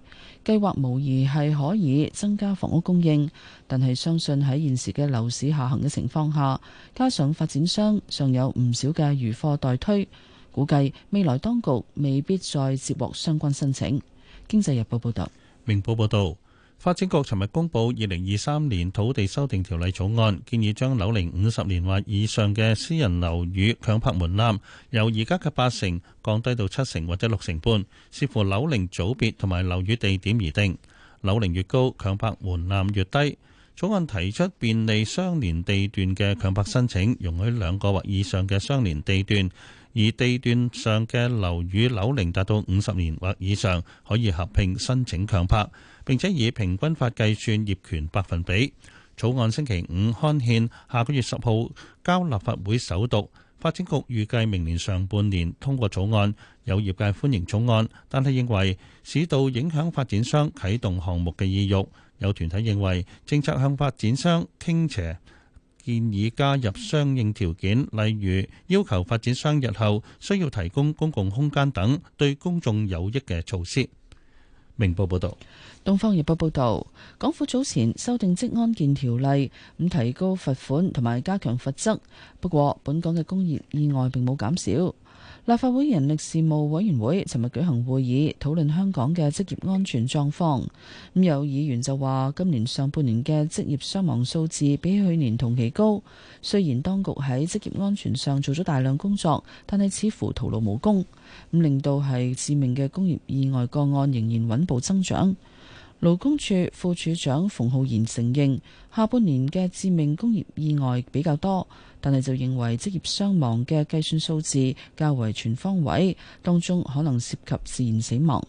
計劃無疑係可以增加房屋供應，但係相信喺現時嘅樓市下行嘅情況下，加上發展商尚有唔少嘅餘貨待推，估計未來當局未必再接獲相關申請。經濟日報報導。明報報導。發展局尋日公佈二零二三年土地修訂條例草案，建議將樓齡五十年或以上嘅私人樓宇強拍門檻由而家嘅八成降低到七成或者六成半，視乎樓齡組別同埋樓宇地點而定。樓齡越高，強拍門檻越低。草案提出便利相連地段嘅強拍申請，容許兩個或以上嘅相連地段。而地段上嘅樓宇樓齡達到五十年或以上，可以合併申請強拍，並且以平均法計算業權百分比。草案星期五刊憲，下個月十號交立法會首讀，發展局預計明年上半年通過草案，有業界歡迎草案，但係認為市道影響發展商啟動項目嘅意欲。有團體認為政策向發展商傾斜。建議加入相應條件，例如要求發展商日後需要提供公共空間等對公眾有益嘅措施。明報報道。東方日報報道，港府早前修訂職安健條例，咁提高罰款同埋加強罰則。不過，本港嘅工業意外並冇減少。立法會人力事務委員會尋日舉行會議，討論香港嘅職業安全狀況。咁有議員就話：今年上半年嘅職業傷亡數字比去年同期高。雖然當局喺職業安全上做咗大量工作，但係似乎徒勞無功，咁令到係致命嘅工業意外個案仍然穩步增長。勞工處副處長馮浩然承認，下半年嘅致命工業意外比較多。但係就認為職業傷亡嘅計算數字較為全方位，當中可能涉及自然死亡。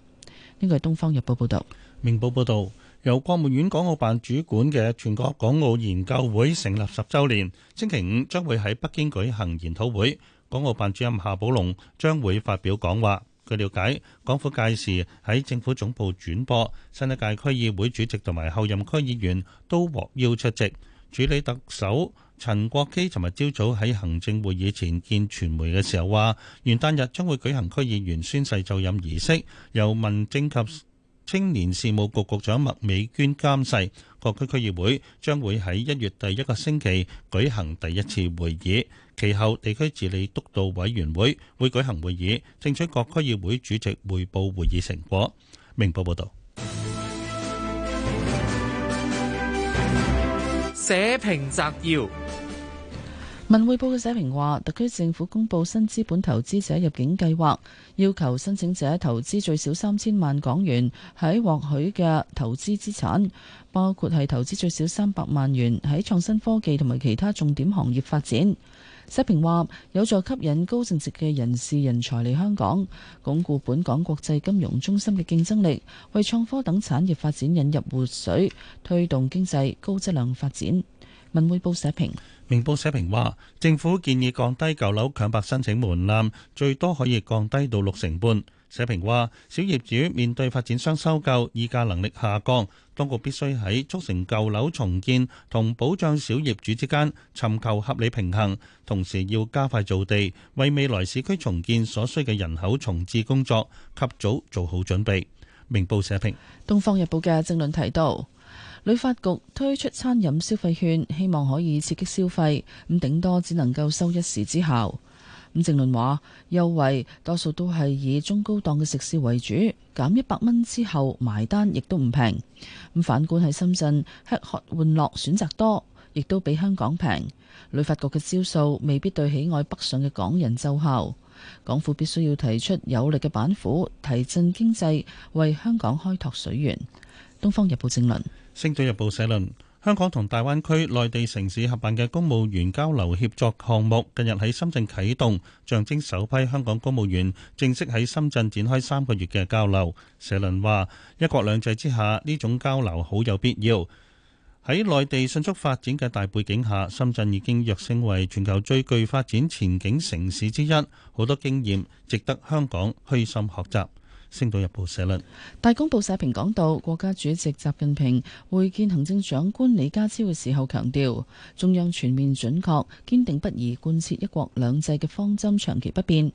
呢個係《東方日報》報道，《明報》報道，由國務院港澳辦主管嘅全國港澳研究會成立十週年，星期五將會喺北京舉行研討會，港澳辦主任夏寶龍將會發表講話。據了解，港府屆時喺政府總部轉播，新一屆區議會主席同埋後任區議員都獲邀出席，處理特首。陳國基尋日朝早喺行政會議前見傳媒嘅時候話，元旦日將會舉行區議員宣誓就任儀式，由民政及青年事務局局長麥美娟監誓。各區區議會將會喺一月第一個星期舉行第一次會議，其後地區治理督導委員會會舉行會議，聽取各區議會主席匯報會議成果。明報報道。社評摘要，文匯報嘅社評話，特區政府公布新資本投資者入境計劃，要求申請者投資最少三千萬港元喺獲許嘅投資資產，包括係投資最少三百萬元喺創新科技同埋其他重點行業發展。社評話，有助吸引高淨值嘅人士人才嚟香港，鞏固本港國際金融中心嘅競爭力，為創科等產業發展引入活水，推動經濟高質量發展。文匯報社評。明報社評話，政府建議降低舊樓強拍申請門檻，最多可以降低到六成半。社評話：小業主面對發展商收購，議價能力下降，當局必須喺促成舊樓重建同保障小業主之間尋求合理平衡，同時要加快造地，為未來市區重建所需嘅人口重置工作及早做好準備。明報社評，《東方日報》嘅正論提到，旅發局推出餐飲消費券，希望可以刺激消費，咁頂多只能夠收一時之效。伍正倫話：優惠多數都係以中高檔嘅食肆為主，減一百蚊之後埋單亦都唔平。咁反觀喺深圳，吃喝玩樂選擇多，亦都比香港平。旅發局嘅招數未必對喜愛北上嘅港人奏效。港府必須要提出有力嘅板斧，提振經濟，為香港開拓水源。東方日報正論，星島日報社論。香港同大灣區內地城市合辦嘅公務員交流協作項目，近日喺深圳啟動，象徵首批香港公務員正式喺深圳展開三個月嘅交流。社論話：一國兩制之下，呢種交流好有必要。喺內地迅速發展嘅大背景下，深圳已經躍升為全球最具發展前景城市之一，好多經驗值得香港虛心學習。《星島日報》社論、大公報社評講到，國家主席習近平會見行政長官李家超嘅時候，強調中央全面準確、堅定不移貫徹一國兩制嘅方針長期不變。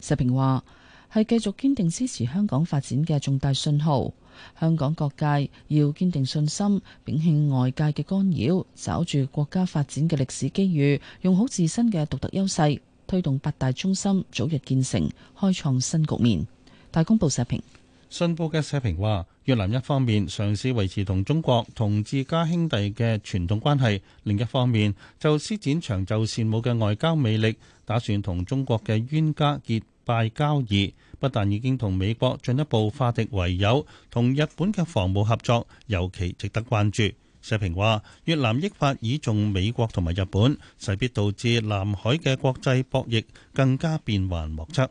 社評話係繼續堅定支持香港發展嘅重大信號。香港各界要堅定信心，摒棄外界嘅干擾，抓住國家發展嘅歷史機遇，用好自身嘅獨特優勢，推動八大中心早日建成，開創新局面。大公報社評，信報嘅社評話：越南一方面嘗試維持同中國同自家兄弟嘅傳統關係，另一方面就施展長袖善舞嘅外交魅力，打算同中國嘅冤家結拜交易。不但已經同美國進一步化敵為友，同日本嘅防務合作尤其值得關注。社評話：越南益發倚重美國同埋日本，勢必導致南海嘅國際博弈更加變幻莫測。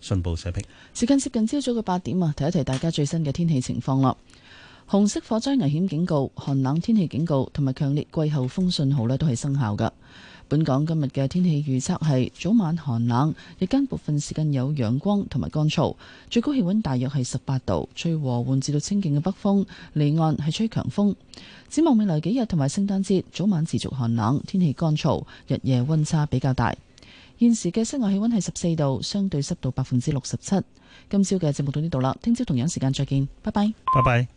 信報社評。時間接近朝早嘅八點啊，提一提大家最新嘅天氣情況啦。紅色火災危險警告、寒冷天氣警告同埋強烈季候風信號咧，都係生效嘅。本港今日嘅天氣預測係早晚寒冷，日間部分時間有陽光同埋乾燥，最高氣溫大約係十八度。吹和緩至到清勁嘅北風，離岸係吹強風。展望未來幾日同埋聖誕節，早晚持續寒冷，天氣乾燥，日夜温差比較大。現時嘅室外氣溫係十四度，相對濕度百分之六十七。今朝嘅節目到呢度啦，聽朝同樣時間再見，拜拜，拜拜。